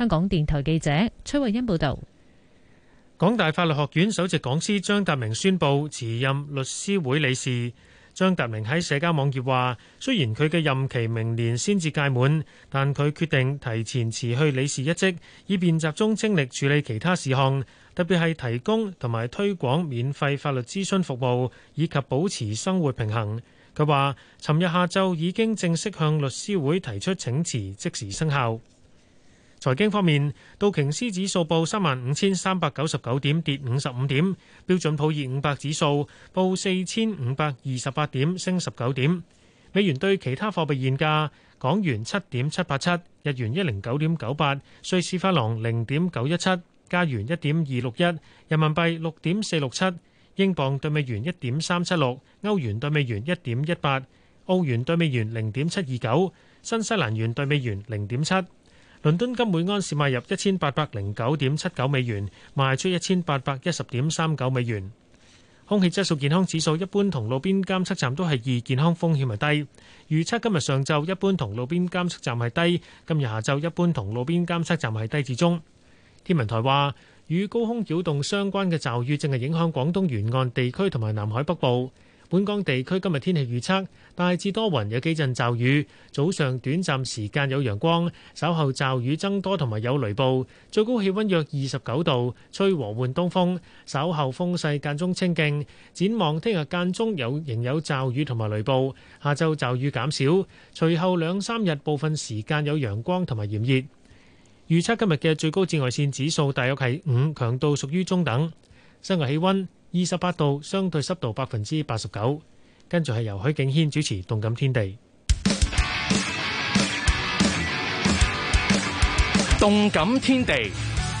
Speaker 13: 香港電台記者崔慧欣報道，
Speaker 10: 港大法律學院首席講師張達明宣布辭任律師會理事。張達明喺社交網頁話，雖然佢嘅任期明年先至屆滿，但佢決定提前辭去理事一職，以便集中精力處理其他事項，特別係提供同埋推廣免費法律諮詢服務，以及保持生活平衡。佢話，尋日下晝已經正式向律師會提出請辭，即時生效。財經方面，道瓊斯指數報三萬五千三百九十九點，跌五十五點；標準普爾五百指數報四千五百二十八點，升十九點。美元對其他貨幣現價：港元七點七八七，日元一零九點九八，瑞士法郎零點九一七，加元一點二六一，人民幣六點四六七，英鎊對美元一點三七六，歐元對美元一點一八，澳元對美元零點七二九，新西蘭元對美元零點七。倫敦金每安士買入一千八百零九點七九美元，賣出一千八百一十點三九美元。空氣質素健康指數一般，同路邊監測站都係二，健康風險係低。預測今日上晝一般同路邊監測站係低，今日下晝一般同路邊監測站係低至中。天文台話，與高空擾動相關嘅驟雨正係影響廣東沿岸地區同埋南海北部。本港地區今日天，天氣預測大致多雲，有幾陣驟雨。早上短暫時間有陽光，稍後驟雨增多同埋有雷暴。最高氣溫約二十九度，吹和緩東風。稍後風勢間中清勁。展望聽日間中有仍有驟雨同埋雷暴。下晝驟雨減少，隨後兩三日部分時間有陽光同埋炎熱。預測今日嘅最高紫外線指數大約係五，強度屬於中等。室外氣温，二十八度，相對濕度百分之八十九。跟住係由許景軒主持《動感天地》。《動感
Speaker 9: 天地》，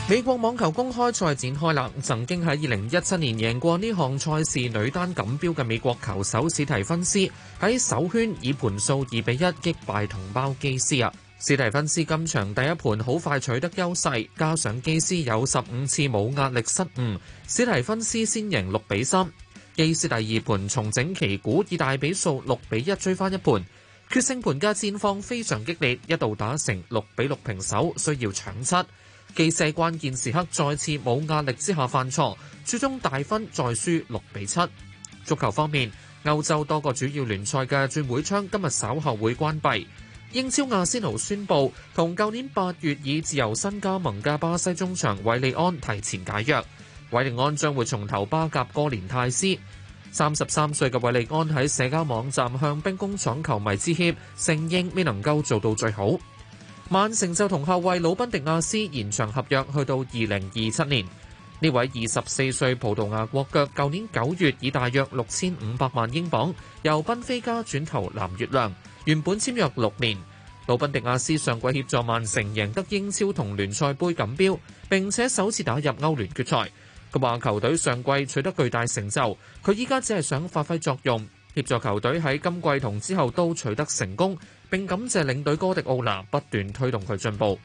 Speaker 9: 美國網球公開賽展開啦！曾經喺二零一七年贏過呢項賽事女單錦標嘅美國球手史提芬斯喺首圈以盤數二比一擊敗同胞基斯啊！史提芬斯今場第一盤好快取得優勢，加上基斯有十五次冇壓力失誤。史提芬斯先贏六比三，繼是第二盤重整旗鼓，以大比數六比一追翻一盤。決勝盤加戰況非常激烈，一度打成六比六平手，需要搶七。繼射關鍵時刻再次冇壓力之下犯錯，最終大分再輸六比七。足球方面，歐洲多個主要聯賽嘅轉會窗今日稍後會關閉。英超亞仙奴宣布，同舊年八月以自由身加盟嘅巴西中場維利安提前解約。韋利安將會重投巴甲哥連泰斯。三十三歲嘅韋利安喺社交網站向兵工廠球迷致歉，承認未能夠做到最好。曼城就同後衛魯賓迪亞斯延長合約，去到二零二七年。呢位二十四歲葡萄牙國腳，舊年九月以大約六千五百萬英鎊由賓菲加轉投藍月亮，原本簽約六年。魯賓迪亞斯上季協助曼城贏得英超同聯賽杯錦標，並且首次打入歐聯決賽。佢話：球隊上季取得巨大成就，佢依家只係想發揮作用，協助球隊喺今季同之後都取得成功。並感謝領隊哥迪奧拿不斷推動佢進步。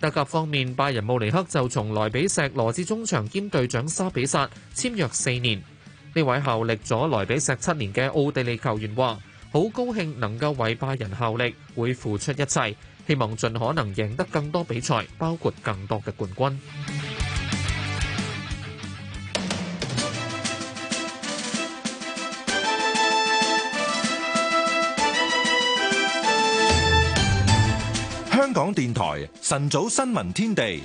Speaker 9: 德甲方面，拜仁慕尼黑就從萊比錫羅致中場兼隊長沙比薩，簽約四年。呢位效力咗萊比錫七年嘅奧地利球員話：好高興能夠為拜仁效力，會付出一切，希望盡可能贏得更多比賽，包括更多嘅冠軍。
Speaker 1: 港電台晨早新聞天地，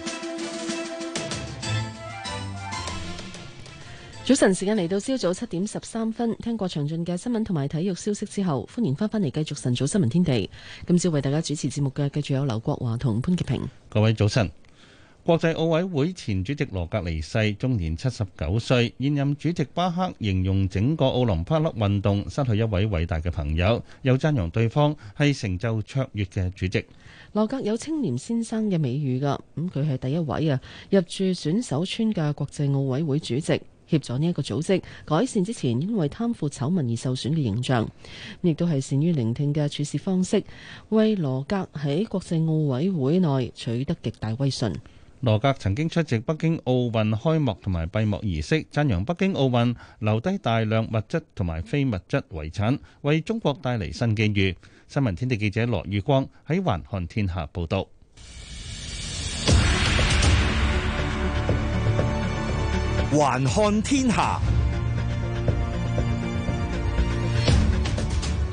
Speaker 3: 早晨時間嚟到，朝早七點十三分。聽過詳盡嘅新聞同埋體育消息之後，歡迎翻返嚟繼續晨早新聞天地。今朝為大家主持節目嘅，繼續有劉國華同潘潔平。
Speaker 4: 各位早晨！國際奧委會前主席羅格離世，終年七十九歲。現任主席巴克形容整個奧林匹克運動失去一位偉大嘅朋友，又讚揚對方係成就卓越嘅主席。
Speaker 3: 羅格有青年先生嘅美譽噶咁佢係第一位啊入住選手村嘅國際奧委會主席，協助呢一個組織改善之前因為貪腐醜聞而受損嘅形象，亦都係善於聆聽嘅處事方式，為羅格喺國際奧委會內取得極大威信。
Speaker 4: 羅格曾經出席北京奧運開幕同埋閉幕儀式，讚揚北京奧運留低大量物質同埋非物質遺產，為中國帶嚟新機遇。新聞天地記者羅宇光喺《環看天下》報道，
Speaker 19: 《環看天下》。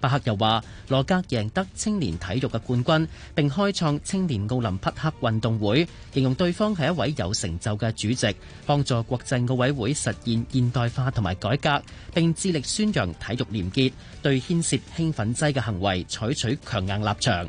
Speaker 19: 巴克又話：羅格贏得青年體育嘅冠軍，並開創青年奧林匹克運動會，形容對方係一位有成就嘅主席，幫助國際奧委會實現現代化同埋改革，並致力宣揚體育廉潔，對牽涉興奮劑嘅行為採取強硬立場。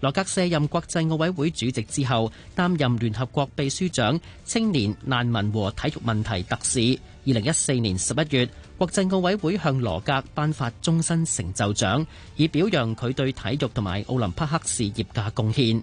Speaker 19: 羅格卸任國際奧委會主席之後，擔任聯合國秘書長、青年、難民和體育問題特使。二零一四年十一月，國際奧委會向羅格頒發終身成就獎，以表揚佢對體育同埋奧林匹克事業嘅貢獻。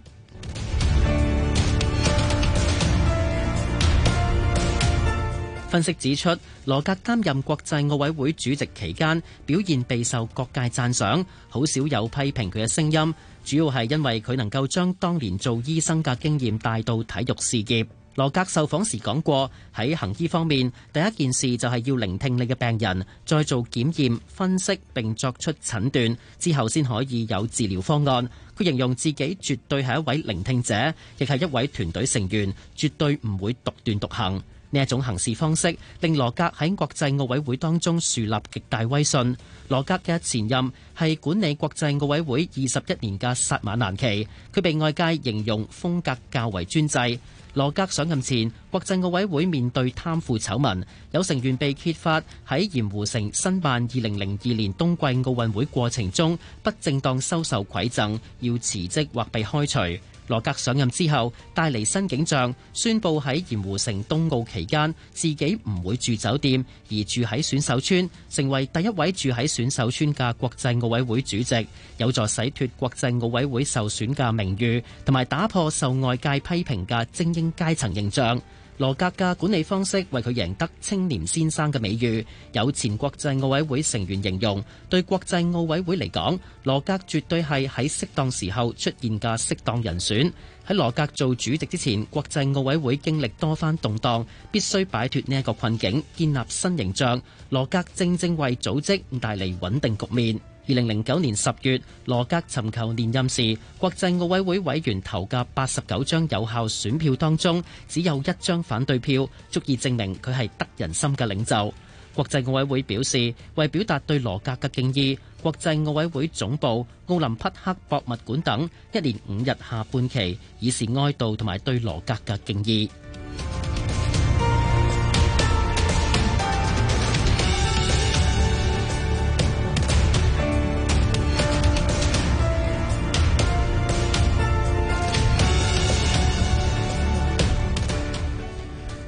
Speaker 19: 分析指出，羅格擔任國際奧委會主席期間，表現備受各界讚賞，好少有批評佢嘅聲音。主要係因為佢能夠將當年做醫生嘅經驗帶到體育事業，羅格受訪時講過，喺行醫方面第一件事就係要聆聽你嘅病人，再做檢驗分析並作出診斷之後先可以有治療方案。佢形容自己絕對係一位聆聽者，亦係一位團隊成員，絕對唔會獨斷獨行。呢一種行事方式令羅格喺國際奧委會當中樹立極大威信。羅格嘅前任係管理國際奧委會二十一年嘅薩馬蘭奇，佢被外界形容風格較為專制。羅格上任前，國際奧委會面對貪腐醜聞，有成員被揭發喺鹽湖城申辦二零零二年冬季奧運會過程中不正當收受饋贈，要辭職或被開除。羅格上任之後帶嚟新景象，宣布喺鹽湖城冬奧期間，自己唔會住酒店，而住喺選手村，成為第一位住喺選手村嘅國際奧委會主席，有助洗脱國際奧委會受損嘅名譽，同埋打破受外界批評嘅精英階層形象。羅格嘅管理方式為佢贏得青年先生嘅美譽。有前國際奧委會成員形容，對國際奧委會嚟講，羅格絕對係喺適當時候出現嘅適當人選。喺羅格做主席之前，國際奧委會經歷多番動盪，必須擺脫呢一個困境，建立新形象。羅格正正為組織帶嚟穩定局面。二零零九年十月，羅格尋求連任時，國際奧委會委員投嘅八十九張有效選票當中，只有一張反對票，足以證明佢係得人心嘅領袖。國際奧委會表示，為表達對羅格嘅敬意，國際奧委會總部、奧林匹克博物館等一連五日下半旗，以示哀悼同埋對羅格嘅敬意。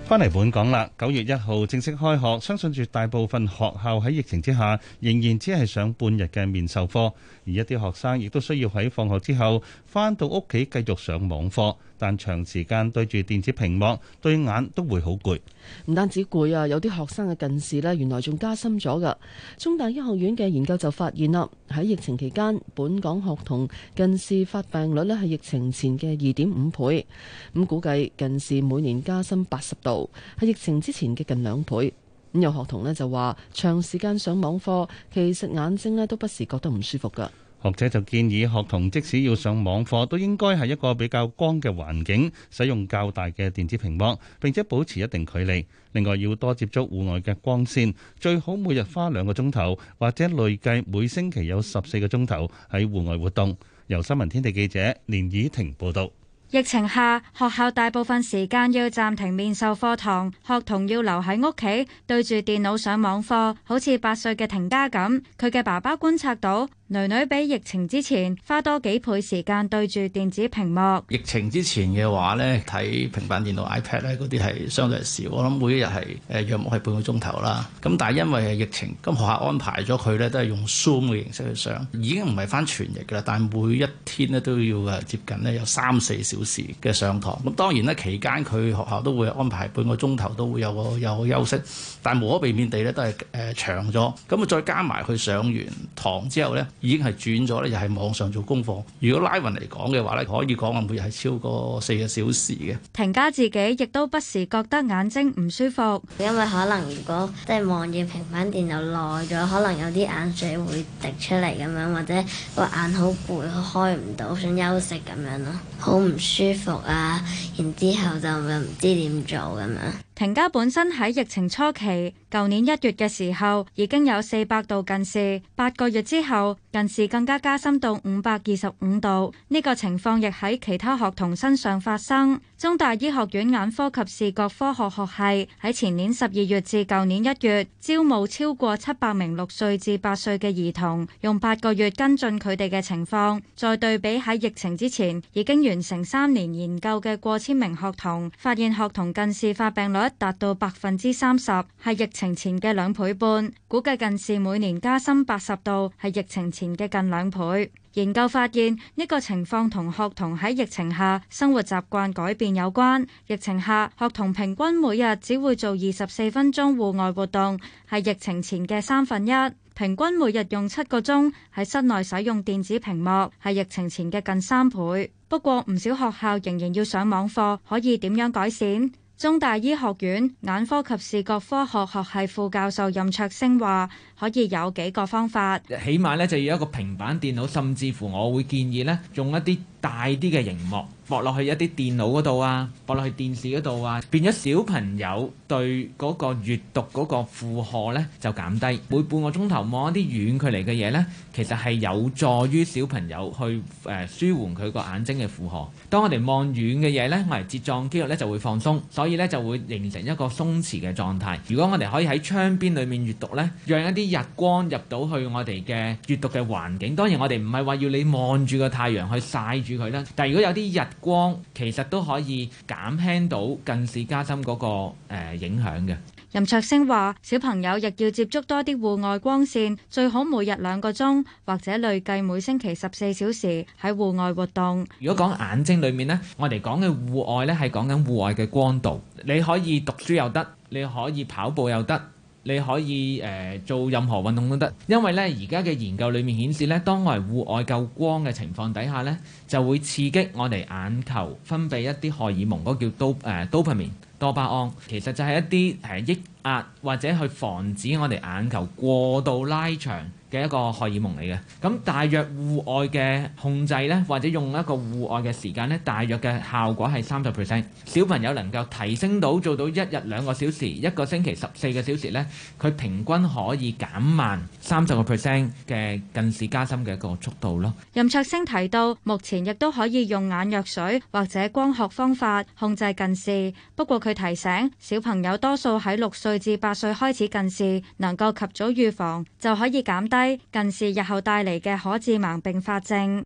Speaker 4: 翻嚟本港啦，九月一號正式開學，相信絕大部分學校喺疫情之下仍然只係上半日嘅面授課，而一啲學生亦都需要喺放學之後。返到屋企繼續上網課，但長時間對住電子屏幕，對眼都會好
Speaker 15: 攰。
Speaker 3: 唔單止攰啊，有啲學生嘅近視呢，原來仲加深咗㗎。中大醫學院嘅研究就發現啦，喺疫情期間，本港學童近視發病率呢係疫情前嘅二點五倍。咁估計近視每年加深八十度，係疫情之前嘅近兩倍。咁有學童呢就話，長時間上網課，其實眼睛呢都不時覺得唔舒服㗎。
Speaker 4: 學者就建議學童，即使要上網課，都應該係一個比較光嘅環境，使用較大嘅電子屏幕，並且保持一定距離。另外，要多接觸戶外嘅光線，最好每日花兩個鐘頭，或者累計每星期有十四個鐘頭喺戶外活動。由新聞天地記者連怡婷報導。
Speaker 20: 疫情下，學校大部分時間要暫停面授課堂，學童要留喺屋企對住電腦上網課，好似八歲嘅庭家咁。佢嘅爸爸觀察到。女女比疫情之前花多幾倍時間對住電子屏幕。
Speaker 7: 疫情之前嘅話呢，睇平板電腦 iPad 呢，嗰啲係相對少。我諗每一日係誒約莫係半個鐘頭啦。咁但係因為係疫情，咁學校安排咗佢呢都係用 Zoom 嘅形式去上，已經唔係返全日㗎啦。但係每一天呢都要誒接近咧有三四小時嘅上堂。咁當然呢期間佢學校都會安排半個鐘頭都會有個有個休息，但係無可避免地呢都係誒長咗。咁啊再加埋佢上完堂之後呢。已經係轉咗咧，又係網上做功課。如果拉 i 嚟講嘅話咧，可以講啊，每日係超過四個小時嘅。
Speaker 20: 庭家自己亦都不時覺得眼睛唔舒服，因為可能如果即係望住平板電腦耐咗，可能有啲眼
Speaker 8: 水會滴出嚟咁樣，或者個眼好攰，開唔到，想休息咁樣咯，好唔舒服啊！然後之後就唔知點做咁樣。
Speaker 20: 庭家本身喺疫情初期。舊年一月嘅時候已經有四百度近視，八個月之後近視更加加深到五百二十五度。呢個情況亦喺其他學童身上發生。中大醫學院眼科及視覺科學學係喺前年十二月至舊年一月招募超過七百名六歲至八歲嘅兒童，用八個月跟進佢哋嘅情況，再對比喺疫情之前已經完成三年研究嘅過千名學童，發現學童近視發病率達到百分之三十，係疫情。疫情前嘅兩倍半，估計近視每年加深八十度，係疫情前嘅近兩倍。研究發現呢個情況同學童喺疫情下生活習慣改變有關。疫情下學童平均每日只會做二十四分鐘戶外活動，係疫情前嘅三分一。平均每日用七個鐘喺室內使用電子屏幕，係疫情前嘅近三倍。不過唔少學校仍然要上網課，可以點樣改善？中大醫學院眼科及視覺科學學系副教授任卓星話：可以有幾個方法，起
Speaker 12: 碼咧就要一個平板電腦，甚至乎我會建議咧用一啲。大啲嘅熒幕，播落去一啲電腦嗰度啊，播落去電視嗰度啊，變咗小朋友對嗰個閱讀嗰個負荷呢就減低。每半個鐘頭望一啲遠距離嘅嘢呢，其實係有助於小朋友去誒舒緩佢個眼睛嘅負荷。當我哋望遠嘅嘢呢，我哋睫狀肌肉呢就會放鬆，所以呢就會形成一個鬆弛嘅狀態。如果我哋可以喺窗邊裡面閱讀呢，讓一啲日光入到去我哋嘅閱讀嘅環境，當然我哋唔係話要你望住個太陽去曬住。佢啦，但係如果有啲日光，其實都可以減輕到近視加深嗰個誒影響嘅。
Speaker 20: 任卓星話，小朋友亦要接觸多啲戶外光線，最好每日兩個鐘，或者累計每星期十四小時喺戶外活動。
Speaker 12: 如果講眼睛裏面呢，我哋講嘅戶外呢係講緊戶外嘅光度，你可以讀書又得，你可以跑步又得。你可以誒、呃、做任何運動都得，因為呢而家嘅研究裡面顯示咧，當我哋戶外夠光嘅情況底下呢就會刺激我哋眼球分泌一啲荷爾蒙，嗰個叫、呃、do 誒多巴胺，多巴胺其實就係一啲誒、呃、抑壓或者去防止我哋眼球過度拉長。嘅一個荷爾蒙嚟嘅，咁大約戶外嘅控制呢，或者用一個戶外嘅時間呢，大約嘅效果係三十 percent。小朋友能夠提升到做到一日兩個小時，一個星期十四個小時呢，佢平均可以減慢三十個 percent 嘅近視加深嘅一個速度咯。
Speaker 20: 任卓星提到，目前亦都可以用眼藥水或者光學方法控制近視，不過佢提醒小朋友多數喺六歲至八歲開始近視，能夠及早預防就可以減低近視日後帶嚟嘅可致盲併發症。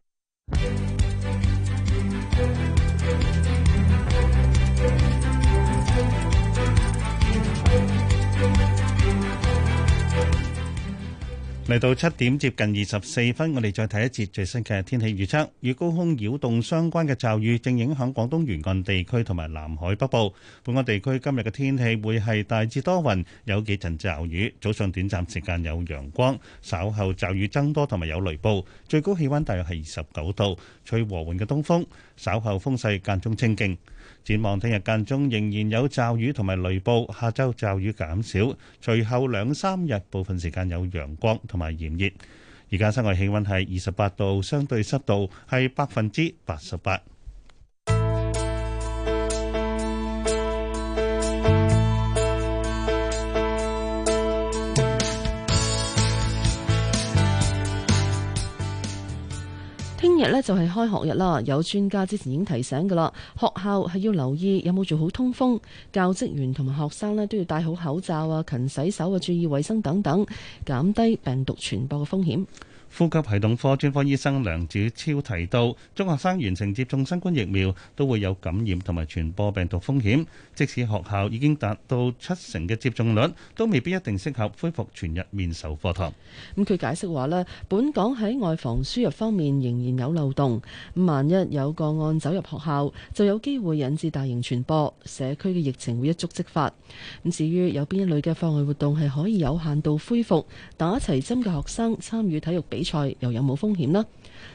Speaker 4: 嚟到七點，接近二十四分，我哋再睇一次最新嘅天氣預測。與高空擾動相關嘅驟雨正影響廣東沿岸地區同埋南海北部。本港地區今日嘅天氣會係大致多雲，有幾陣驟雨，早上短暫時間有陽光，稍後驟雨增多同埋有雷暴。最高氣温大約係二十九度，吹和緩嘅東風，稍後風勢間中清勁。展望聽日間中仍然有驟雨同埋雷暴，下週驟雨減少，隨後兩三日部分時間有陽光同埋炎熱。而家室外氣温係二十八度，相對濕度係百分之八十八。
Speaker 3: 今日呢就係開學日啦，有專家之前已經提醒噶啦，學校係要留意有冇做好通風，教職員同埋學生呢都要戴好口罩啊、勤洗手啊、注意衛生等等，減低病毒傳播
Speaker 4: 嘅風險。呼吸系統科專科醫生梁子超提到，中學生完成接種新冠疫苗都會有感染同埋傳播病毒風險，即使學校已經達到七成嘅接種率，都未必一定適合恢復全日面授課堂。
Speaker 3: 咁佢解釋話呢，本港喺外防輸入方面仍然有漏洞，咁萬一有個案走入學校，就有機會引致大型傳播，社區嘅疫情會一觸即發。咁至於有邊一類嘅課外活動係可以有限度恢復，打齊針嘅學生參與體育比比賽又有冇風險呢？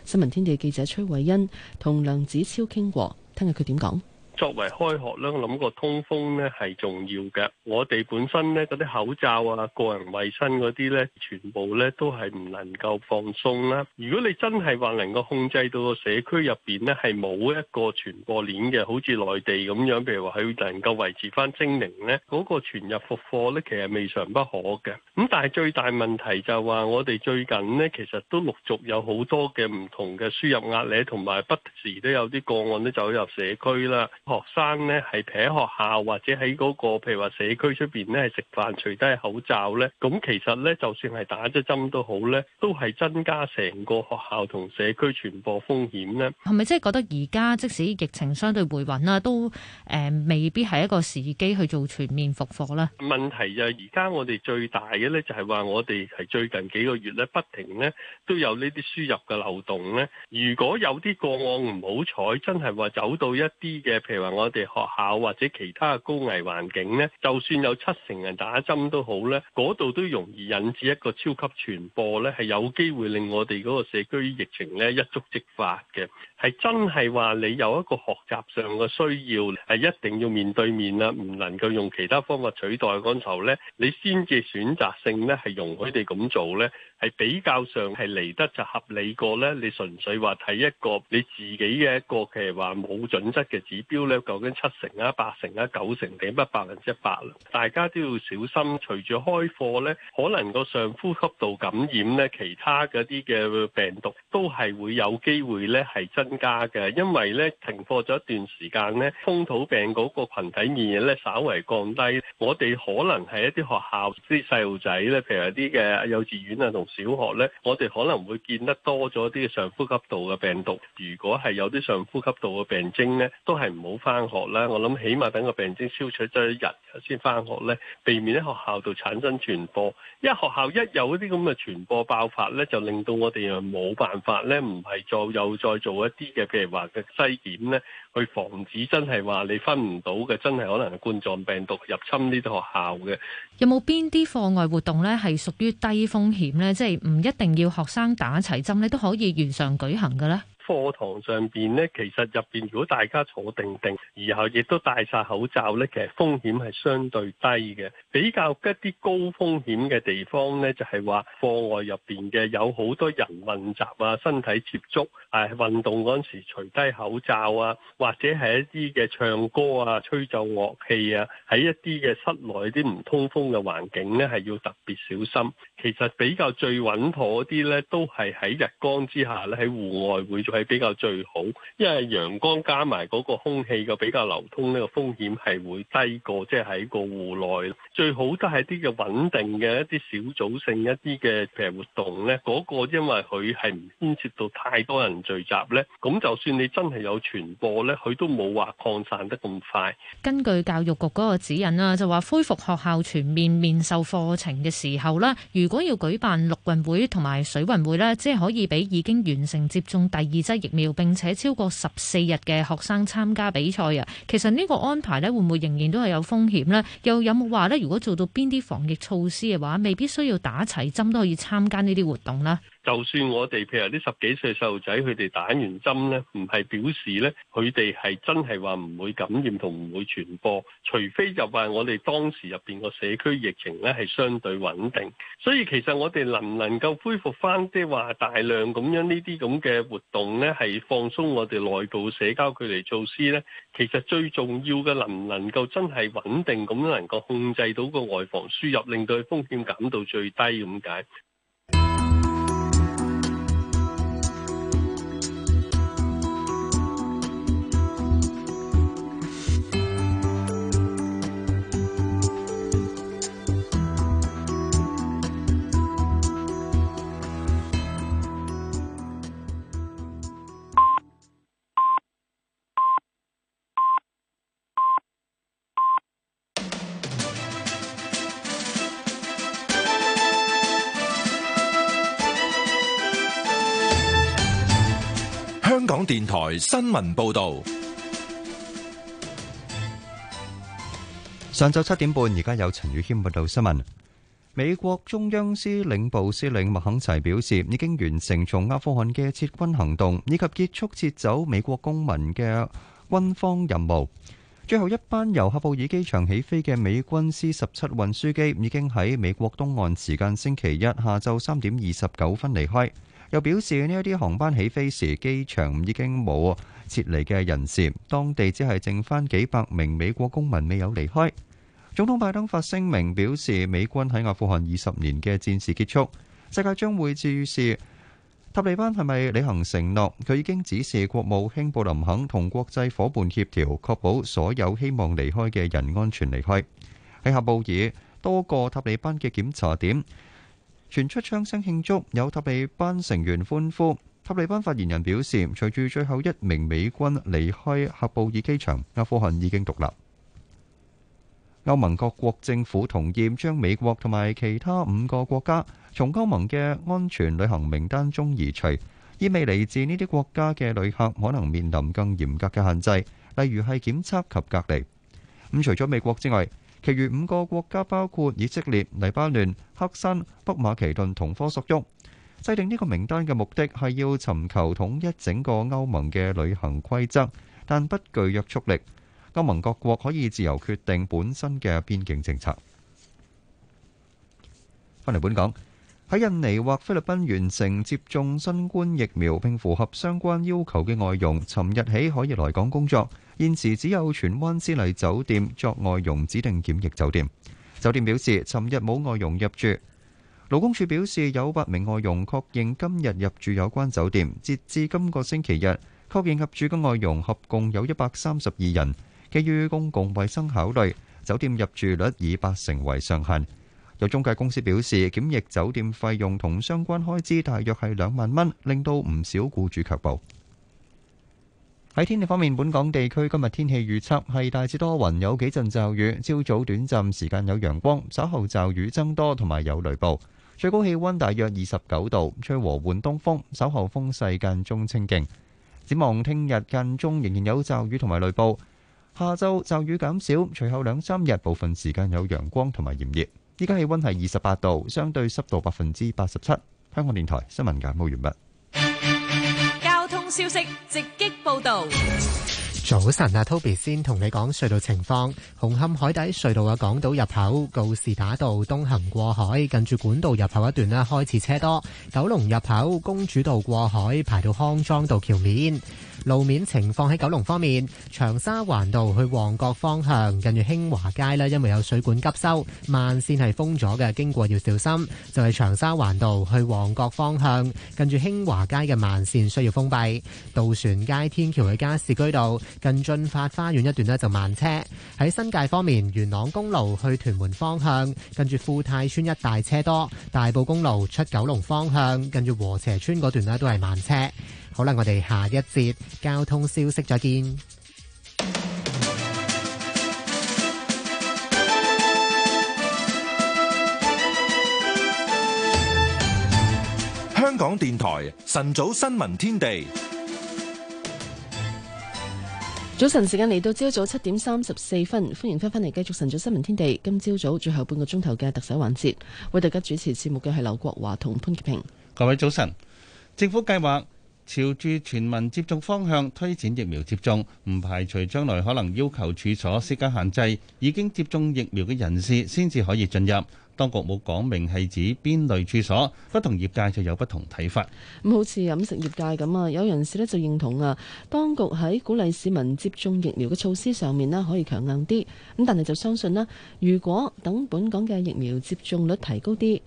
Speaker 3: 新聞天地記者崔慧欣同梁子超傾過，聽日佢點講？
Speaker 6: 作為開學咧，我諗個通風咧係重要嘅。我哋本身咧嗰啲口罩啊、個人衞生嗰啲咧，全部咧都係唔能夠放鬆啦。如果你真係話能夠控制到個社區入邊咧，係冇一個傳播鏈嘅，好似內地咁樣，譬如話係能夠維持翻精靈咧，嗰個全日復課咧，其實未嘗不可嘅。咁但係最大問題就係話我哋最近咧，其實都陸續有好多嘅唔同嘅輸入壓力，同埋不時都有啲個案咧走入社區啦。學生咧係喺學校或者喺嗰個譬如話社區出邊呢，咧食飯，除低口罩呢。咁其實呢，就算係打咗針都好呢都係增加成個學校同社區傳播風險呢。
Speaker 13: 係咪即係覺得而家即使疫情相對回穩啦，都誒未必係一個時機去做全面復課咧？
Speaker 6: 問題就而家我哋最大嘅呢，就係話我哋係最近幾個月呢，不停呢都有呢啲輸入嘅漏洞呢。如果有啲個案唔好彩，真係話走到一啲嘅。譬如話我哋學校或者其他嘅高危環境咧，就算有七成人打針都好咧，嗰度都容易引致一個超級傳播咧，係有機會令我哋嗰個社區疫情咧一觸即發嘅。係真係話你有一個學習上嘅需要，係一定要面對面啊，唔能夠用其他方法取代嗰時候咧，你先至選擇性咧係容許你哋咁做咧，係比較上係嚟得就合理過咧。你純粹話睇一個你自己嘅一個，譬如話冇準則嘅指標。你究竟七成啊，八成啊，九成定乜百分之一百啦？大家都要小心。隨住開課咧，可能個上呼吸道感染咧，其他嗰啲嘅病毒都係會有機會咧係增加嘅。因為咧停課咗一段時間咧，風土病嗰個羣體免疫咧稍為降低。我哋可能係一啲學校啲細路仔咧，譬如一啲嘅幼稚園啊同小學咧，我哋可能會見得多咗啲嘅上呼吸道嘅病毒。如果係有啲上呼吸道嘅病徵咧，都係唔好翻學啦，我諗起碼等個病徵消除咗一日先翻學咧，避免喺學校度產生傳播。一學校一有一啲咁嘅傳播爆發咧，就令到我哋冇辦法咧，唔係再有再做一啲嘅譬如話嘅篩檢咧，去防止真係話你分唔到嘅，真係可能冠狀病毒入侵呢啲學校嘅。
Speaker 13: 有冇邊啲課外活動咧係屬於低風險咧？即係唔一定要學生打齊針咧，都可以如常舉行嘅啦。
Speaker 6: 課堂上邊咧，其實入邊如果大家坐定定，然後亦都戴晒口罩咧，其實風險係相對低嘅。比較一啲高風險嘅地方咧，就係話課外入邊嘅有好多人混雜啊，身體接觸，誒、哎、運動嗰陣時除低口罩啊，或者係一啲嘅唱歌啊、吹奏樂器啊，喺一啲嘅室內啲唔通風嘅環境咧，係要特別小心。其實比較最穩妥啲咧，都係喺日光之下咧，喺戶外會做。係比較最好，因為陽光加埋嗰個空氣嘅比較流通，呢個風險係會低過，即係喺個戶內最好都係啲嘅穩定嘅一啲小組性一啲嘅譬如活動咧，嗰個因為佢係唔牽涉到太多人聚集咧，咁就算你真係有傳播咧，佢都冇話擴散得咁快。
Speaker 13: 根據教育局嗰個指引啊，就話恢復學校全面面授課程嘅時候啦，如果要舉辦陸運會同埋水運會咧，即係可以俾已經完成接種第二。劑疫苗並且超過十四日嘅學生參加比賽啊，其實呢個安排咧，會唔會仍然都係有風險咧？又有冇話咧，如果做到邊啲防疫措施嘅話，未必需要打齊針都可以參加呢啲活動咧？
Speaker 6: 就算我哋譬如啲十幾歲細路仔，佢哋打完針咧，唔係表示咧，佢哋係真係話唔會感染同唔會傳播，除非就話我哋當時入邊個社區疫情咧係相對穩定。所以其實我哋能唔能夠恢復翻即係話大量咁樣呢啲咁嘅活動咧，係放鬆我哋內部社交距離措施咧，其實最重要嘅能唔能夠真係穩定咁樣能夠控制到個外防輸入，令到風險減到最低咁解？
Speaker 1: 電台新聞報道：上晝七點半，而
Speaker 14: 家有陳宇謙報道新聞。美國中央司令部司令麥肯齊表示，已經完成從阿富汗嘅撤軍行動，以及結束撤走美國公民嘅軍方任務。最後一班由喀布爾機場起飛嘅美軍 C 十七運輸機，已經喺美國東岸時間星期一下晝三點二十九分離開。又表示呢一啲航班起飛時，機場已經冇撤離嘅人士，當地只係剩翻幾百名美國公民未有離開。總統拜登發聲明表示，美軍喺阿富汗二十年嘅戰事結束，世界將會注視塔利班係咪履行承諾。佢已經指示國務卿布林肯同國際夥伴協調，確保所有希望離開嘅人安全離開。喺喀布爾多個塔利班嘅檢查點，傳出槍聲慶祝，有塔利班成員歡呼。塔利班發言人表示，隨住最後一名美軍離開喀布爾機場，阿富汗已經獨立。歐盟各國政府同意將美國同埋其他五個國家從歐盟嘅安全旅行名單中移除，意味嚟自呢啲國家嘅旅客可能面臨更嚴格嘅限制，例如係檢測及隔離。咁除咗美國之外。其餘五個國家包括以色列、黎巴嫩、黑山、北馬其頓同科索沃。制定呢個名單嘅目的係要尋求統一整個歐盟嘅旅行規則，但不具約束力。歐盟各國可以自由決定本身嘅邊境政策。翻嚟本港。喺印尼或菲律賓完成接種新冠疫苗並符合相關要求嘅外傭，尋日起可以來港工作。現時只有荃灣絲麗酒店作外傭指定檢疫酒店。酒店表示，尋日冇外傭入住。勞工處表示，有八名外傭確認今日入住有關酒店，截至今個星期日，確認入住嘅外傭合共有一百三十二人。基於公共衛生考慮，酒店入住率以八成為上限。有中介公司表示，檢疫酒店費用同相關開支大約係兩萬蚊，令到唔少僱主卻步。喺天氣方面，本港地區今日天氣預測係大致多雲，有幾陣驟雨。朝早短暫時間有陽光，稍後驟雨增多，同埋有雷暴。最高氣溫大約二十九度，吹和緩東風。稍後風勢間中清勁。展望聽日間中仍然有驟雨同埋雷暴，下晝驟雨減少，隨後兩三日部分時間有陽光同埋炎熱。依家氣溫係二十八度，相對濕度百分之八十七。香港電台
Speaker 16: 新聞簡報完畢。
Speaker 13: 交通消息直擊報道。
Speaker 16: 早晨啊，Toby 先同你講隧道情況。紅磡海底隧道嘅港島入口告士打道東行過海，近住管道入口一段咧開始車多。九龍入口公主道過海排到康莊道橋面。路面情況喺九龍方面，長沙灣道去旺角方向近住興華街呢，因為有水管急修，慢線係封咗嘅，經過要小心。就係、是、長沙灣道去旺角方向近住興華街嘅慢線需要封閉。渡船街天橋嘅加士居道近駿發花園一段呢就慢車。喺新界方面，元朗公路去屯門方向近住富泰村一帶車多。大埔公路出九龍方向近住禾輋村嗰段呢都係慢車。好啦，我哋下一節交通消息再見。
Speaker 1: 香港電台晨早新聞天地，
Speaker 3: 早晨時間嚟到朝早七點三十四分，歡迎翻返嚟繼續晨早新聞天地。今朝早最後半個鐘頭嘅特首環節，為大家主持節目嘅係劉國華同潘潔平。
Speaker 4: 各位早晨，政府計劃。朝住全民接種方向推展疫苗接種，唔排除將來可能要求處所施加限制，已經接種疫苗嘅人士先至可以進入。當局冇講明係指邊類處所，不同業界就有不同睇法。
Speaker 3: 咁好似飲食業界咁啊，有人士呢就認同啊，當局喺鼓勵市民接種疫苗嘅措施上面呢可以強硬啲。咁但係就相信呢，如果等本港嘅疫苗接種率提高啲，例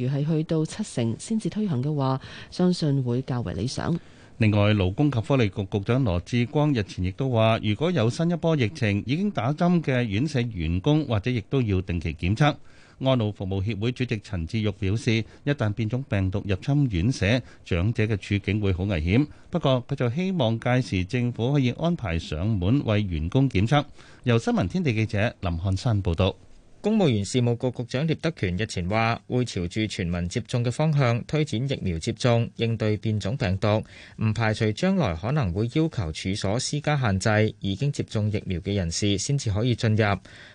Speaker 3: 如係去到七成先至推行嘅話，相信會較為理想。
Speaker 4: 另外，勞工及福利局局長羅致光日前亦都話，如果有新一波疫情，已經打針嘅院舍員工或者亦都要定期檢測。安老服務協會主席陳志玉表示，一旦變種病毒入侵院舍，長者嘅處境會好危險。不過，佢就希望屆時政府可以安排
Speaker 15: 上門為員工檢測。由新聞天地記者林漢山報道。公務員事務局局長聶德權日前話，會朝住全民接種嘅方向推展疫苗接種，應對變種病毒，唔排除將來可能會要求處所施加限制，已經接種疫苗嘅人士先至可以進入。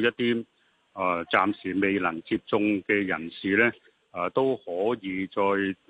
Speaker 6: 一啲啊，暫時未能接種嘅人士呢，啊都可以再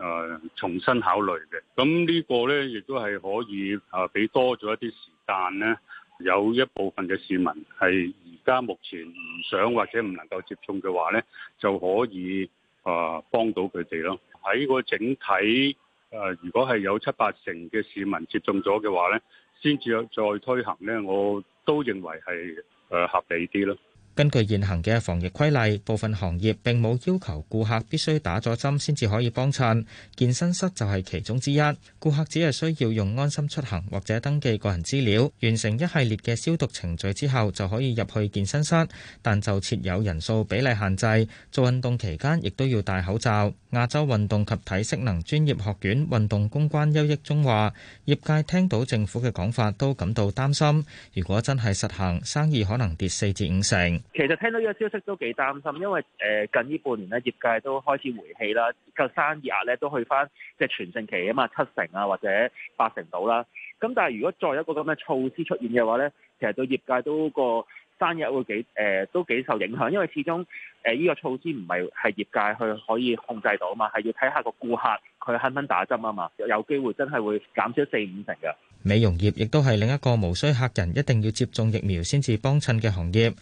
Speaker 6: 啊、呃、重新考慮嘅。咁呢個呢，亦都係可以啊，俾、呃、多咗一啲時間呢，有一部分嘅市民係而家目前唔想或者唔能夠接種嘅話呢，就可以啊、呃、幫到佢哋咯。喺個整體啊、呃，如果係有七八成嘅市民接種咗嘅話呢，先至再推行呢，我都認為係誒、呃、合理啲咯。
Speaker 15: 根據現行嘅防疫規例，部分行業並冇要求顧客必須打咗針先至可以幫襯，健身室就係其中之一。顧客只係需要用安心出行或者登記個人資料，完成一系列嘅消毒程序之後，就可以入去健身室。但就設有人數比例限制，做運動期間亦都要戴口罩。亞洲運動及體適能專業學院運動公關邱益中話，業界聽到政府嘅講法都感到擔心，如果真係實行，生意可能跌四至五成。
Speaker 18: 其實聽到呢個消息都幾擔心，因為誒近呢半年咧，業界都開始回氣啦，個生意額咧都去翻即係全盛期啊嘛，七成啊或者八成到啦。咁但係如果再有一個咁嘅措施出現嘅話咧，其實對業界都個。生日會幾誒、呃、都幾受影響，因為始終誒呢個措施唔係係業界去可以控制到啊嘛，係要睇下個顧客。佢肯肯打針啊嘛，有機會真係會減少四五成㗎。
Speaker 15: 美容業亦都係另一個無需客人一定要接種疫苗先至幫襯嘅行業。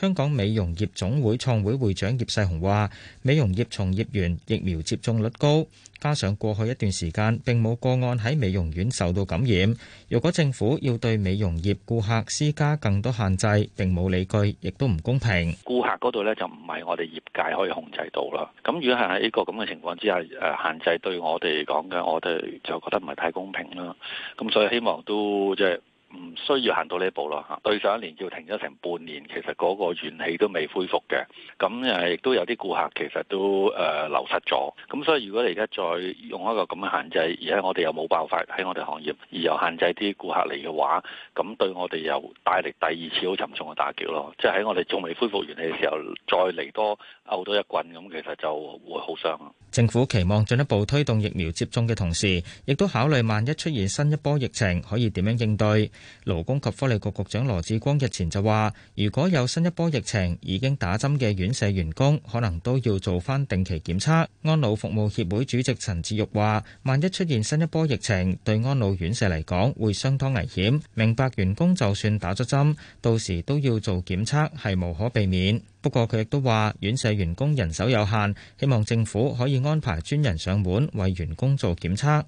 Speaker 15: 香港美容業總會創會會長葉世雄話，美容業從業員疫苗接種率高，加上過去一段時間並冇個案喺美容院受到感染。如果政府要對美容業顧客施加更多限制，並冇理據，亦都唔公平。
Speaker 6: 顧客嗰度呢就唔係我哋業界可以控制到啦。咁如果係喺呢個咁嘅情況之下，誒限制對我。我哋講嘅，我哋就覺得唔係太公平啦。咁，所以希望都，即係。唔需要行到呢一步咯嚇，對上一年要停咗成半年，其實嗰個元氣都未恢復嘅，咁誒亦都有啲顧客其實都誒流失咗，咁、呃、所以如果你而家再用一個咁嘅限制，而喺我哋又冇爆發喺我哋行業，而又限制啲顧客嚟嘅話，咁對我哋又帶嚟第二次好沉重嘅打擊咯，即係喺我哋仲未恢復元氣嘅時候，再嚟多拗多一棍咁，其實就
Speaker 15: 會好傷。政府期望進一步推動疫苗接種嘅同時，亦都考慮萬一出現新一波疫情，可以點樣應對？勞工及福利局局長羅志光日前就話，如果有新一波疫情，已經打針嘅院舍員工可能都要做翻定期檢測。安老服務協會主席陳志玉話，萬一出現新一波疫情，對安老院舍嚟講會相當危險。明白員工就算打咗針，到時都要做檢測係無可避免。不過佢亦都話，院舍員工人手有限，希望政府可以安排專人上門為員工做
Speaker 18: 檢測。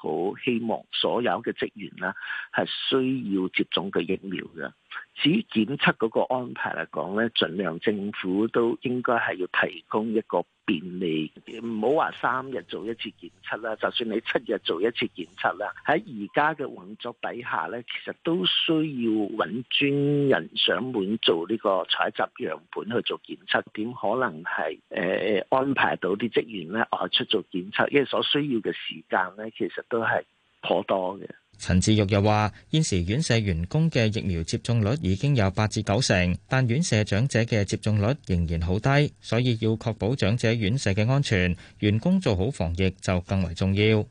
Speaker 18: 好希望所有嘅職員啦，係需要接種嘅疫苗嘅。至於檢測嗰個安排嚟講咧，盡量政府都應該係要提供一個便利，唔好話三日做一次檢測啦，就算你七日做一次檢測啦，喺而家嘅運作底下呢，其實都需要揾專人上門做呢個採集樣本去做檢測，點可能係誒、呃、安排到啲職員咧外出做檢測，因為所需要嘅時間呢，其實都係頗多嘅。
Speaker 15: 陳志玉又話：現時院舍員工嘅疫苗接種率已經有八至九成，但院舍長者嘅接種率仍然好低，所以要確保長者院舍嘅安全，員工做好防疫就更為重要。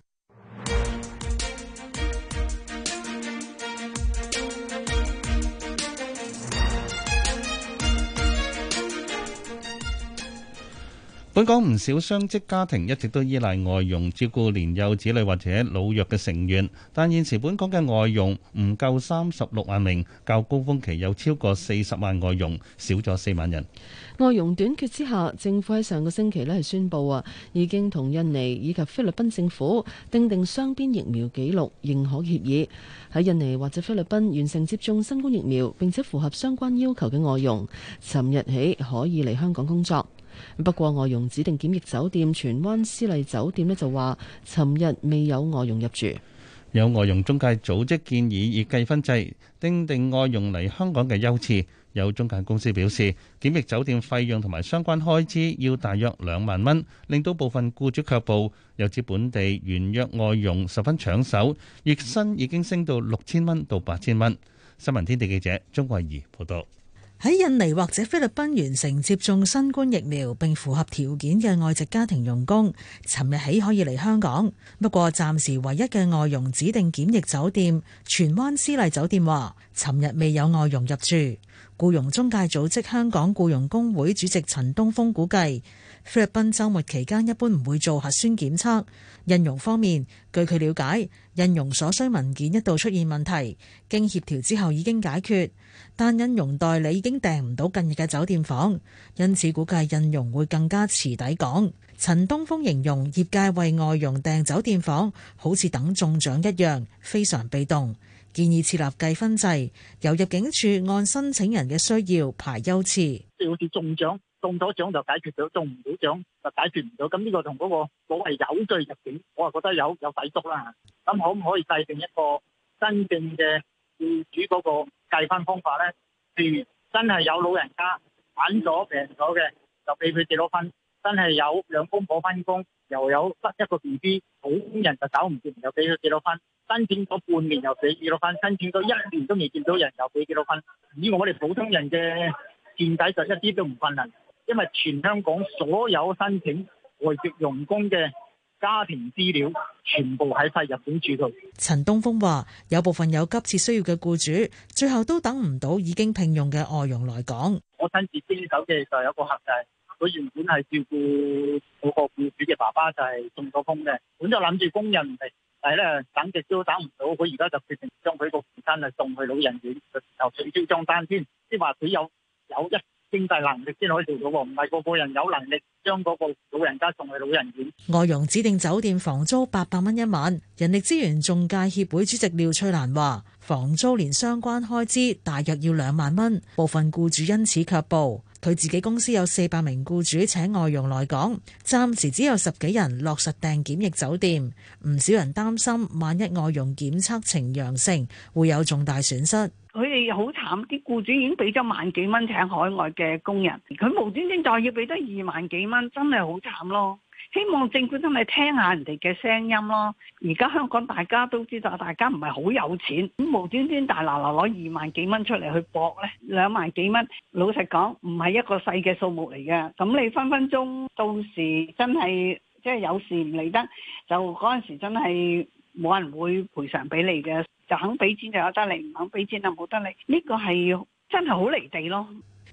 Speaker 4: 本港唔少雙職家庭一直都依賴外傭照顧年幼子女或者老弱嘅成員，但現時本港嘅外傭唔夠三十六萬名，較高峰期有超過四十萬外傭，少咗四萬人。
Speaker 3: 外傭短缺之下，政府喺上個星期呢係宣布啊，已經同印尼以及菲律賓政府訂定雙邊疫苗紀錄認可協議，喺印尼或者菲律賓完成接種新冠疫苗並且符合相關要求嘅外傭，尋日起可以嚟香港工作。不過外傭指定檢疫酒店荃灣絲麗酒店呢，就話，尋日
Speaker 4: 未有外傭入住。有外傭中介組織建議以計分制訂定，定外傭嚟香港嘅優次。有中介公司表示，檢疫酒店費用同埋相關開支要大約兩萬蚊，令到部分僱主卻步。又指本地原約外傭十分搶手，月薪已經升到六千蚊到八千蚊。新聞天地記者鍾慧儀報道。
Speaker 11: 喺印尼或者菲律賓完成接種新冠疫苗並符合條件嘅外籍家庭傭工，尋日起可以嚟香港。不過暫時唯一嘅外傭指定檢疫酒店荃灣絲麗酒店話，尋日未有外傭入住。僱傭中介組織香港僱傭工會主席陳東峰估計。菲律賓週末期間一般唔會做核酸檢測。印傭方面，據佢了解，印傭所需文件一度出現問題，經協調之後已經解決，但印傭代理已經訂唔到近日嘅酒店房，因此估計印傭會更加遲抵港。陳東峯形容業界為外傭訂酒店房好似等中獎一樣，非常被動，建議設立計分制，由入境處按申請人嘅需要排優次，
Speaker 18: 即好似中獎中咗獎就解決咗，中唔到獎就解決唔到。咁呢個同嗰個我係有罪入稟，我係覺得有有抵觸啦。咁可唔可以制定一個真正嘅雇主嗰個計分方法咧？譬如真係有老人家玩咗病咗嘅，就俾佢幾多分；真係有兩公婆返工，又有得一個 B B，普通人就搞唔掂，又俾佢幾多分；申請咗半年又俾幾多分，申請咗一年都未見到人又俾幾多分？以我哋普通人嘅見地就一啲都唔困難。因為全香港所有申請外籍傭工嘅家庭資料，全部喺晒入境處度。
Speaker 11: 陳東峰話，有部分有急切需要嘅雇主，最後都等唔到已經聘用嘅外傭來港。
Speaker 18: 我親自經手嘅就有個客仔，佢原本係照顧嗰個雇主嘅爸爸就，就係中咗風嘅。本就諗住工人嚟，但係咧等極都等唔到，佢而家就決定將佢個父親啊送去老人院，就取消張單先，即係話佢有有一。經濟能力先可以做到，唔係個個人有能力將嗰個老人家送去老人
Speaker 11: 院。外傭指定酒店房租八百蚊一晚，人力資源仲介協會主席廖翠蘭話：房租連相關開支大約要兩萬蚊，部分雇主因此卻步。佢自己公司有四百名雇主請外傭來港，暫時只有十幾人落實訂檢疫酒店。唔少人擔心，萬一外傭檢測呈陽性，會有重大損失。
Speaker 20: 佢
Speaker 21: 哋好慘，啲雇主已經俾咗萬幾蚊請海外嘅工人，佢無端端再要俾多二萬幾蚊，真係好慘咯！希望政府真係聽下人哋嘅聲音咯。而家香港大家都知道，大家唔係好有錢，咁無端端大，大，大拿拿攞二萬幾蚊出嚟去搏呢，兩萬幾蚊，老實講唔係一個細嘅數目嚟嘅。咁你分分鐘到時真係即係有事唔嚟得，就嗰陣時真係。冇人會賠償俾你嘅，就肯俾錢就有得你，唔肯俾錢就冇得你。呢個係真係好離地咯。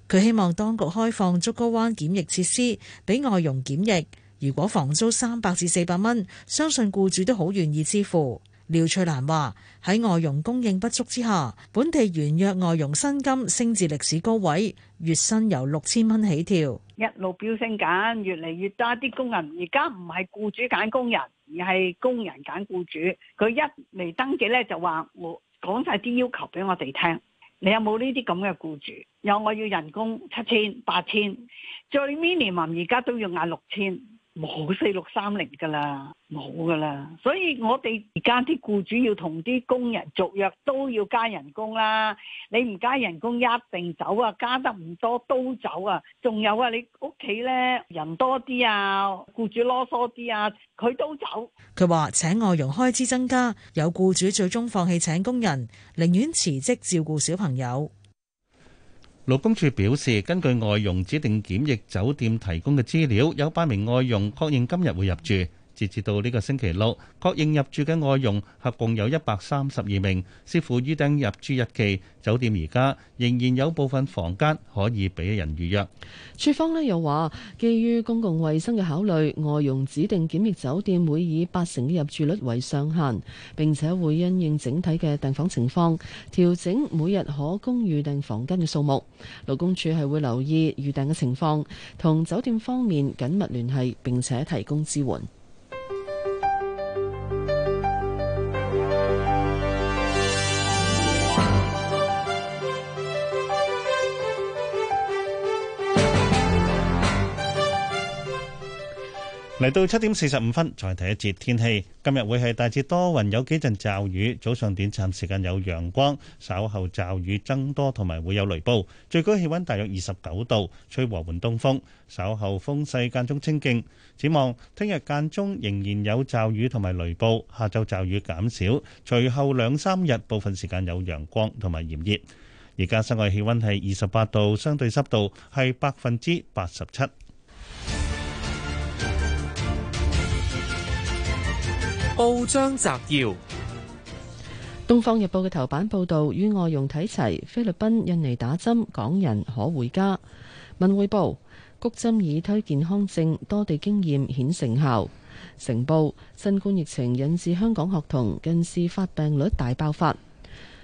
Speaker 11: 佢希望當局開放竹篙灣檢疫設施，俾外傭檢疫。如果房租三百至四百蚊，相信僱主都好願意支付。廖翠蘭話：喺外傭供應不足之下，本地原約外傭薪金升至歷史高位，月薪由六千蚊起跳，
Speaker 21: 一路飆升緊，越嚟越多啲工人。而家唔係僱主揀工人。而係工人揀雇主，佢一嚟登記咧就話我講晒啲要求俾我哋聽。你有冇呢啲咁嘅雇主？有我要人工七千、八千，最 minimum 而家都要嗌六千。冇四六三零㗎喇，冇㗎喇，所以我哋而家啲雇主要同啲工人續約都要加人工啦。你唔加人工一定走啊，加得唔多都走啊。仲有啊，你屋企咧人多啲啊，雇主囉嗦啲啊，佢都走。
Speaker 11: 佢話請外傭開支增加，有雇主最終放棄請工人，寧願辭職照顧小朋友。
Speaker 4: 勞工處表示，根據外傭指定檢疫酒店提供嘅資料，有八名外傭確認今日會入住。截至到呢個星期六，確認入住嘅外傭合共有一百三十二名，視乎預訂入住日期，酒店而家仍然有部分房間可以俾人預約。
Speaker 3: 處方咧又話，基於公共衛生嘅考慮，外傭指定檢疫酒店會以八成嘅入住率為上限，並且會因應整體嘅訂房情況調整每日可供預訂房間嘅數目。勞工處係會留意預訂嘅情況，同酒店方面緊密聯繫，並且提供支援。
Speaker 4: 嚟到七點四十五分，再睇一節天氣。今日會係大致多雲，有幾陣驟雨。早上短暫時間有陽光，稍後驟雨增多，同埋會有雷暴。最高氣溫大約二十九度，吹和緩東風。稍後風勢間中清勁。展望聽日間中仍然有驟雨同埋雷暴，下晝驟雨減少。隨後兩三日部分時間有陽光同埋炎熱。而家室外氣溫係二十八度，相對濕度係百分之八十七。
Speaker 9: 報章摘要：
Speaker 3: 東方日報嘅頭版報道，於外傭睇齊菲律賓印尼打針，港人可回家。文匯報：谷針已推健康證，多地經驗顯成效。成報：新冠疫情引致香港學童近視發病率大爆發。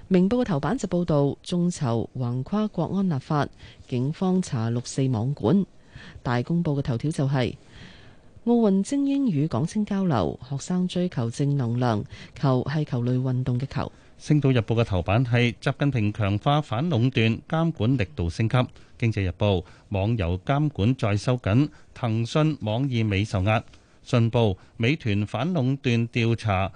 Speaker 3: 明報嘅頭版就報道眾籌橫跨國安立法，警方查六四網管。大公報嘅頭條就係、是。奧運精英與港青交流，學生追求正能量。球係球類運動嘅球。
Speaker 4: 星島日報嘅頭版係習近平強化反壟斷監管力度升級。經濟日報，網遊監管再收緊，騰訊網易未受壓。信報，美團反壟斷調查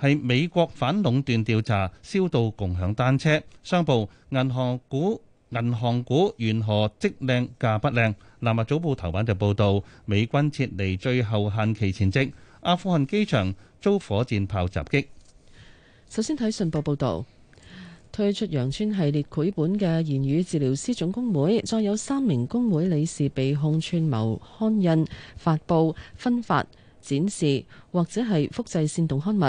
Speaker 4: 係美國反壟斷調查，燒到共享單車。商報，銀行股銀行股緣何績靚價不靚？南華早報頭版就報道，美軍撤離最後限期前夕，阿富汗機場遭火箭炮襲擊。
Speaker 3: 首先睇信報報道，推出羊村系列繪本嘅言語治療師總工會，再有三名工會理事被控串謀刊印、發佈、分發、展示或者係複製煽動刊物。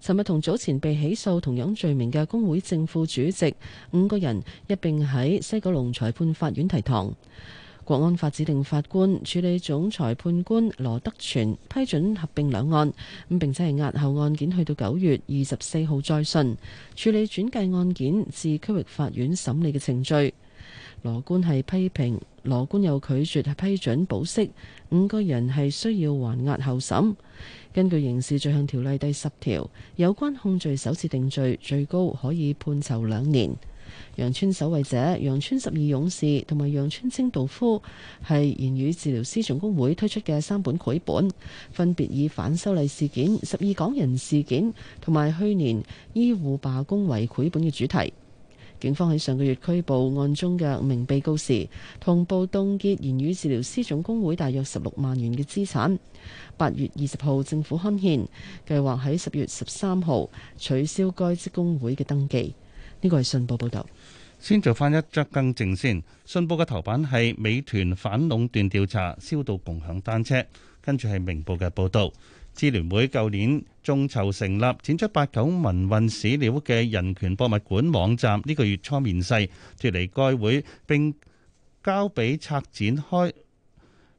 Speaker 3: 尋日同早前被起訴同樣罪名嘅工會正副主席五個人一併喺西九龍裁判法院提堂。國安法指定法官處理，總裁判官羅德全批准合併兩案，咁並且係押後案件去到九月二十四號再訊處理轉介案件至區域法院審理嘅程序。羅官係批評，羅官又拒絕係批准保釋，五個人係需要還押候審。根據刑事罪行條例第十條，有關控罪首次定罪，最高可以判囚兩年。羊村守衛者、羊村十二勇士同埋羊村清道夫係言語治療師總工會推出嘅三本繪本，分別以反修例事件、十二港人事件同埋去年醫護罷工為繪本嘅主題。警方喺上個月拘捕案中嘅五名被告時，同步凍結言語治療師總工會大約十六萬元嘅資產。八月二十號，政府刊憲計劃喺十月十三號取消該職工會嘅登記。呢個係信報
Speaker 4: 報道，先做翻一則更正先。信報嘅頭版係美團反壟斷調查燒到共享單車，跟住係明報嘅報道。支聯會舊年眾籌成立展出八九民運史料嘅人權博物館網站，呢個月初面世，脱離該會，並交俾策展開。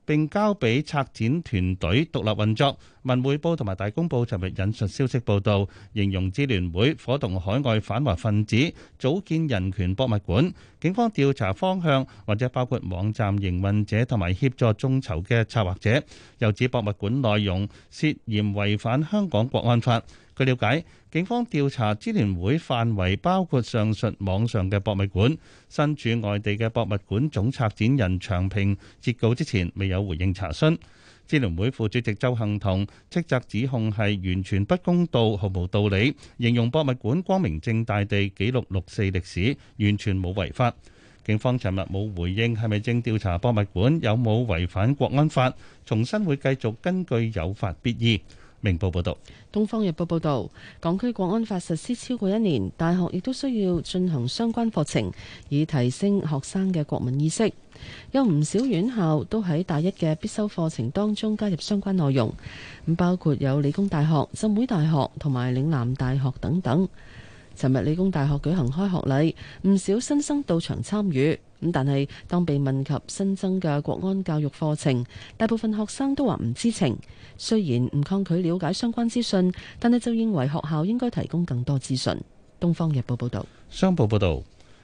Speaker 4: 並交俾策展團隊獨立運作。文匯報同埋大公報尋日引述消息報道，形容支聯會伙同海外反華分子組建人權博物館，警方調查方向或者包括網站營運者同埋協助眾籌嘅策劃者，又指博物館內容涉嫌違反香港國安法。據了解，警方調查支聯會範圍包括上述網上嘅博物館。身處外地嘅博物館總策展人長平截稿之前未有回應查詢。支聯會副主席鄒幸彤斥責指控係完全不公道、毫無道理，形容博物館光明正大地記錄六四歷史，完全冇違法。警方尋日冇回應，係咪正調查博物館有冇違反國安法？重申會繼續根據有法必依。明報報道，
Speaker 3: 東方日報報道，港區國安法實施超過一年，大學亦都需要進行相關課程，以提升學生嘅國民意識。有唔少院校都喺大一嘅必修課程當中加入相關內容，咁包括有理工大學、浸會大學同埋嶺南大學等等。尋日理工大學舉行開學禮，唔少新生到場參與。咁但係當被問及新增嘅國安教育課程，大部分學生都話唔知情。雖然唔抗拒了解相關資訊，但係就認為學校應該提供更多資訊。《東方日報》報道，
Speaker 4: 《商報》報道，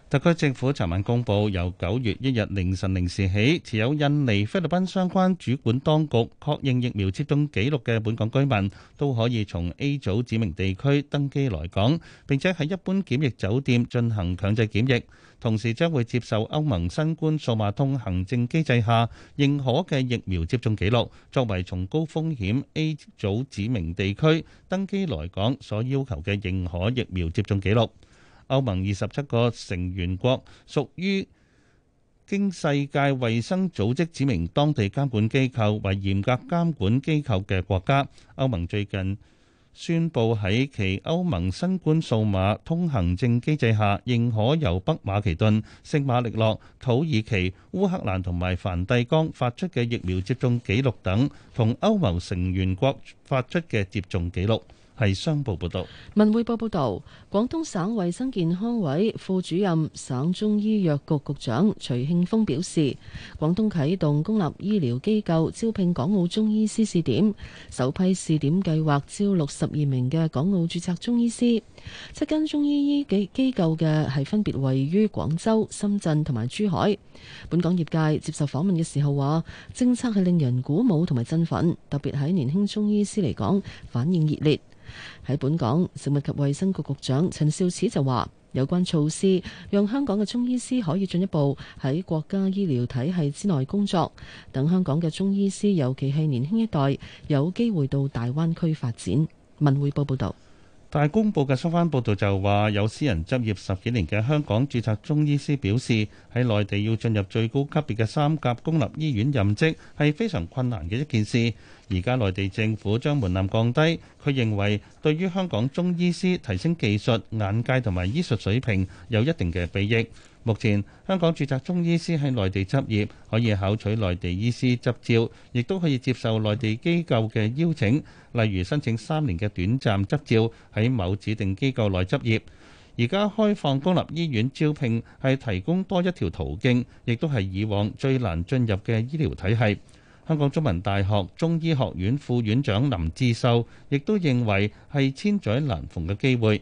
Speaker 4: 特區政府尋晚公佈，由九月一日凌晨零時起，持有印尼、菲律賓相關主管當局確認疫苗接種記錄嘅本港居民，都可以從 A 組指明地區登機來港，並且喺一般檢疫酒店進行強制檢疫。同時將會接受歐盟新冠數碼通行政機制下認可嘅疫苗接種記錄，作為從高風險 A 組指明地區登機來港所要求嘅認可疫苗接種記錄。歐盟二十七個成員國屬於經世界衛生組織指明當地監管機構為嚴格監管機構嘅國家。歐盟最近宣布喺其歐盟新冠數碼通行證機制下，認可由北馬其頓、聖馬力諾、土耳其、烏克蘭同埋梵蒂岡發出嘅疫苗接種記錄等同歐盟成員國發出嘅接種記錄。係商報報道，
Speaker 3: 文匯報報道，廣東省衛生健康委副主任、省中醫藥局局長徐慶峰表示，廣東啟動公立醫療機構招聘港澳中醫師試點，首批試點計劃招六十二名嘅港澳註冊中醫師，七間中醫醫機機構嘅係分別位於廣州、深圳同埋珠海。本港業界接受訪問嘅時候話，政策係令人鼓舞同埋振奮，特別喺年輕中醫師嚟講反應熱烈。喺本港，食物及衛生局局長陳肇始就話，有關措施讓香港嘅中醫師可以進一步喺國家醫療體系之內工作，等香港嘅中醫師，尤其係年輕一代，有機會到大灣區發展。文匯報報道。
Speaker 4: 大公報嘅相關報導就話，有私人執業十幾年嘅香港註冊中醫師表示，喺內地要進入最高級別嘅三甲公立醫院任職係非常困難嘅一件事。而家內地政府將門檻降低，佢認為對於香港中醫師提升技術、眼界同埋醫術水平有一定嘅裨益。目前香港註冊中醫師喺內地執業，可以考取內地醫師執照，亦都可以接受內地機構嘅邀請，例如申請三年嘅短暫執照喺某指定機構內執業。而家開放公立醫院招聘係提供多一條途徑，亦都係以往最難進入嘅醫療體系。香港中文大學中醫學院副院長林志秀亦都認為係千載難逢嘅機會。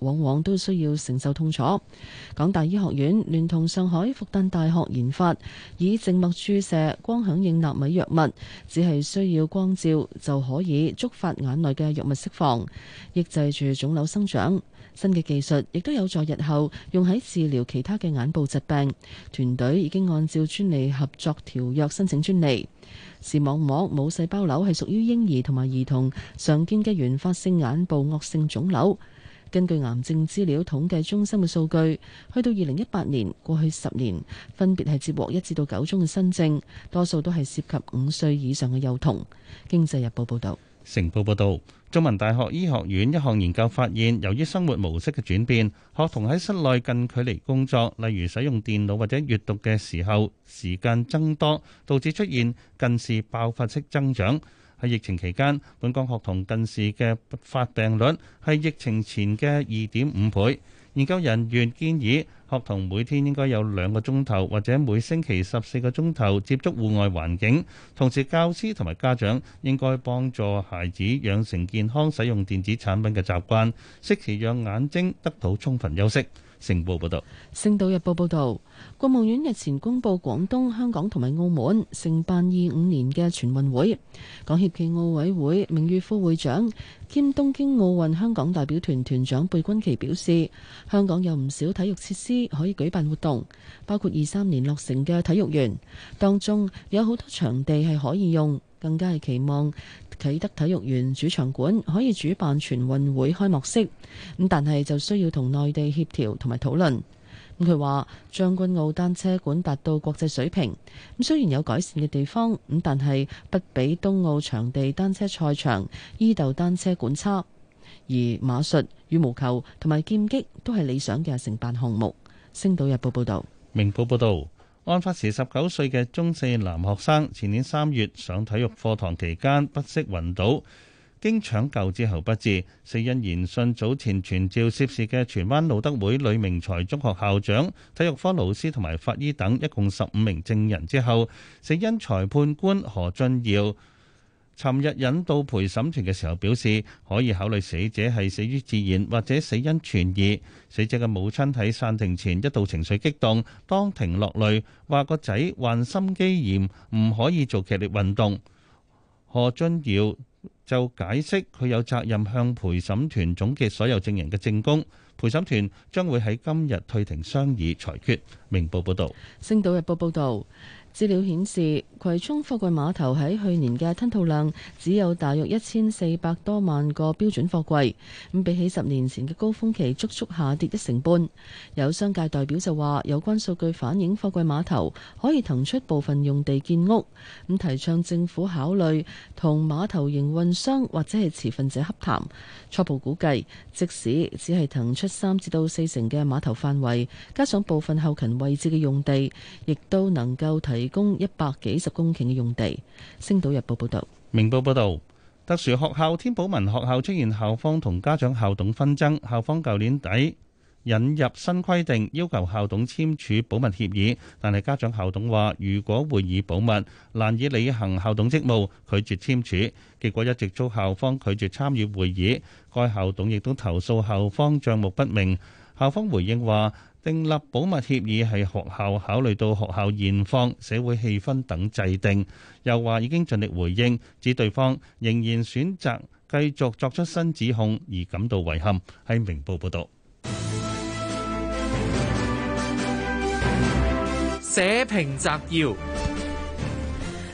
Speaker 3: 往往都需要承受痛楚。港大醫學院聯同上海復旦大學研發以靜脈注射光響應納米藥物，只係需要光照就可以觸發眼內嘅藥物釋放，抑制住腫瘤生長。新嘅技術亦都有助日後用喺治療其他嘅眼部疾病。團隊已經按照專利合作條約申請專利。視網膜母細胞瘤係屬於嬰兒同埋兒童常見嘅原發性眼部惡性腫瘤。根據癌症資料統計中心嘅數據，去到二零一八年，過去十年分別係接獲一至到九宗嘅新症，多數都係涉及五歲以上嘅幼童。經濟日報報道，
Speaker 4: 成報報道，中文大學醫學院一項研究發現，由於生活模式嘅轉變，學童喺室內近距離工作，例如使用電腦或者閱讀嘅時候時間增多，導致出現近視爆發式增長。喺疫情期間，本港學童近視嘅發病率係疫情前嘅二點五倍。研究人員建議學童每天應該有兩個鐘頭，或者每星期十四個鐘頭接觸戶外環境，同時教師同埋家長應該幫助孩子養成健康使用電子產品嘅習慣，適時讓眼睛得到充分休息。星報報道，《星島日報》報
Speaker 3: 道，國務院日前公布廣東、香港同埋澳門承辦二五年嘅全運會。港協暨奧委會名譽副會長兼東京奧運香港代表團團長貝君琪表示，香港有唔少體育設施可以舉辦活動，包括二三年落成嘅體育園，當中有好多場地係可以用，更加係期望，啟德體育園主場館可以主辦全運會開幕式，咁但係就需要同內地協調同埋討論。咁佢話將軍澳單車館達到國際水平，咁雖然有改善嘅地方，咁但係不比東奧場地單車賽場伊豆單車館差。而馬術、羽毛球同埋劍擊都係理想嘅承辦項目。星島日報報道，
Speaker 4: 明報報道。案發時十九歲嘅中四男學生，前年三月上體育課堂期間不適暈倒，經搶救之後不治。死因研訊早前傳召涉事嘅荃灣路德會呂明才中學校長、體育科老師同埋法醫等一共十五名證人之後，死因裁判官何俊耀尋日引導陪審團嘅時候表示，可以考慮死者係死於自然或者死因存疑。死者嘅母親喺散庭前一度情緒激動，當庭落淚，話個仔患心肌炎，唔可以做劇烈運動。何俊堯就解釋，佢有責任向陪審團總結所有證人嘅證供。陪審團將會喺今日退庭商議裁決。明報報道。
Speaker 3: 《星島日報》報道。資料顯示，葵涌貨櫃碼頭喺去年嘅吞吐量只有大約一千四百多萬個標準貨櫃，咁比起十年前嘅高峰期，足足下跌一成半。有商界代表就話，有關數據反映貨櫃碼頭可以騰出部分用地建屋，咁提倡政府考慮同碼頭營運商或者係持份者洽談。初步估計，即使只係騰出三至到四成嘅碼頭範圍，加上部分後勤位置嘅用地，亦都能夠提。提供一百幾十公頃嘅用地。星島日報報道：
Speaker 4: 明報報道，特殊學校天保民學校出現校方同家長校董紛爭。校方舊年底引入新規定，要求校董簽署保密協議，但係家長校董話，如果會議保密，難以履行校董職務，拒絕簽署。結果一直遭校方拒絕參與會議，該校董亦都投訴校方帳目不明。校方回應話。訂立保密協議係學校考慮到學校現況、社會氣氛等制定，又話已經盡力回應，指對方仍然選擇繼續作出新指控而感到遺憾。喺明報報道，社評摘要。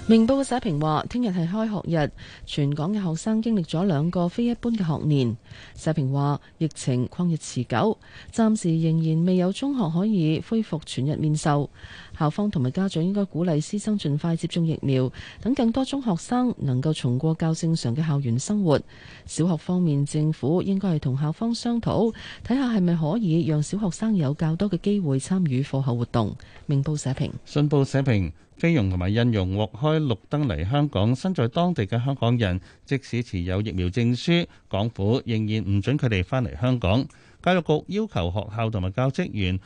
Speaker 4: 明報嘅社評話，
Speaker 3: 聽日係開學日，全港嘅學生經歷咗兩個非一般嘅學年。社評話，疫情曠日持久，暫時仍然未有中學可以恢復全日面授。校方同埋家長應該鼓勵師生盡快接種疫苗，等更多中學生能夠重過較正常嘅校園生活。小學方面，政府應該係同校方商討，睇下係咪可以讓小學生有較多嘅機會參與課後活
Speaker 4: 動。明報社評，信報社評。菲傭同埋印傭獲開綠燈嚟香港，身在當地嘅香港人即使持有疫苗證書，港府仍然唔准佢哋返嚟香港。教育局要求學校同埋教職員，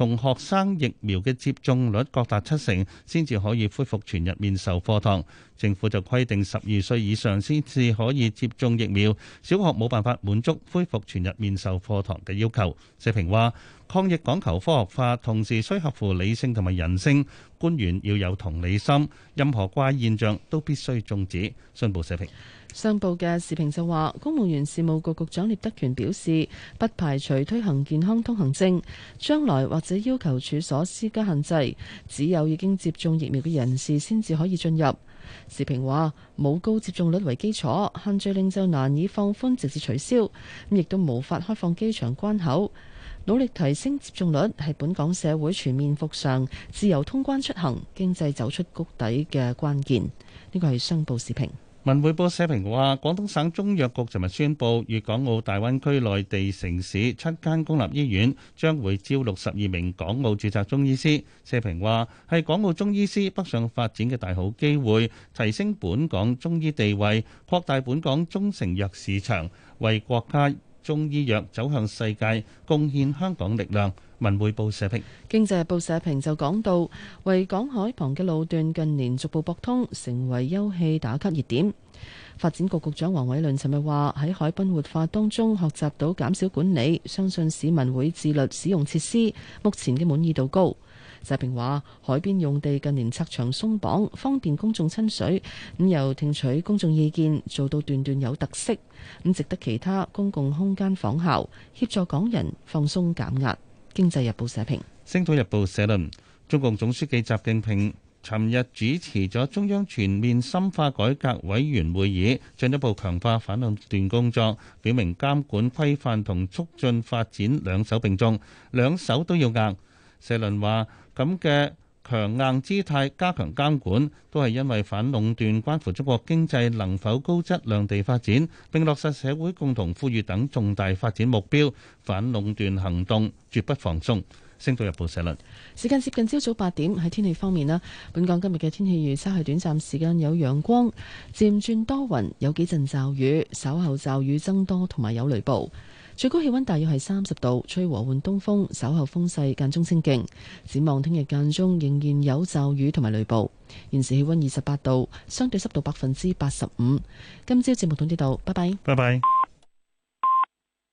Speaker 4: 同學生疫苗嘅接種率各達七成先至可以恢復全日面授課堂，政府就規定十二歲以上先至可以接種疫苗，小學冇辦法滿足恢復全日面授課堂嘅要求。社評話：抗疫講求科學化，同時需合乎理性同埋人性，官員要有同理心，任何怪現象都必須終止。信報社評。
Speaker 3: 商報嘅時評就話，公務員事務局局，局長聶德權表示，不排除推行健康通行證，將來或者要求處所施加限制，只有已經接種疫苗嘅人士先至可以進入。時評話，冇高接種率為基礎，限聚令就難以放寬直至取消，咁亦都無法開放機場關口。努力提升接種率係本港社會全面復常、自由通關出行、經濟走出谷底嘅關鍵。呢個係
Speaker 4: 商報時評。文匯報社評話，廣東省中藥局尋日宣布，粵港澳大灣區內地城市七間公立醫院將會招六十二名港澳註冊中醫師。社評話，係港澳中醫師北上發展嘅大好機會，提升本港中醫地位，擴大本港中成藥市場，為國家中醫藥走向世界，貢獻香港力量。文匯報社評，《經濟日報》
Speaker 3: 社評就講到，維港海旁嘅路段近年逐步博通，成為休憩打卡熱點。發展局局長黃偉綸尋日話喺海濱活化當中，學習到減少管理，相信市民會自律使用設施。目前嘅滿意度高。社評話，海邊用地近年拆牆鬆綁，方便公眾親水。咁又聽取公眾意見，做到段段有特色，咁值得其他公共空間仿效，協助港人放鬆減壓。經濟日報社評，
Speaker 4: 《星島日報》社論：，中共總書記習近平尋日主持咗中央全面深化改革委員會議，進一步強化反壟斷工作，表明監管規範同促進發展兩手並重，兩手都要硬。社論話：，咁嘅。強硬姿態，加強監管，都係因為反壟斷關乎中國經濟能否高質量地發展，並落實社會共同富裕等重大發展目標。反壟斷行動絕不放鬆。星島日報社論。時
Speaker 3: 間接近朝早八點，喺天氣方面咧，本港今日嘅天氣預測係短暫時間有陽光，漸轉多雲，有幾陣驟雨，稍後驟雨增多同埋有，有雷暴。最高氣溫大約係三十度，吹和緩東風，稍後風勢間中清勁。展望聽日間中仍然有驟雨同埋雷暴。現時氣溫二十八度，相對濕度百
Speaker 18: 分之八十五。今朝節目到呢度，拜拜。拜拜。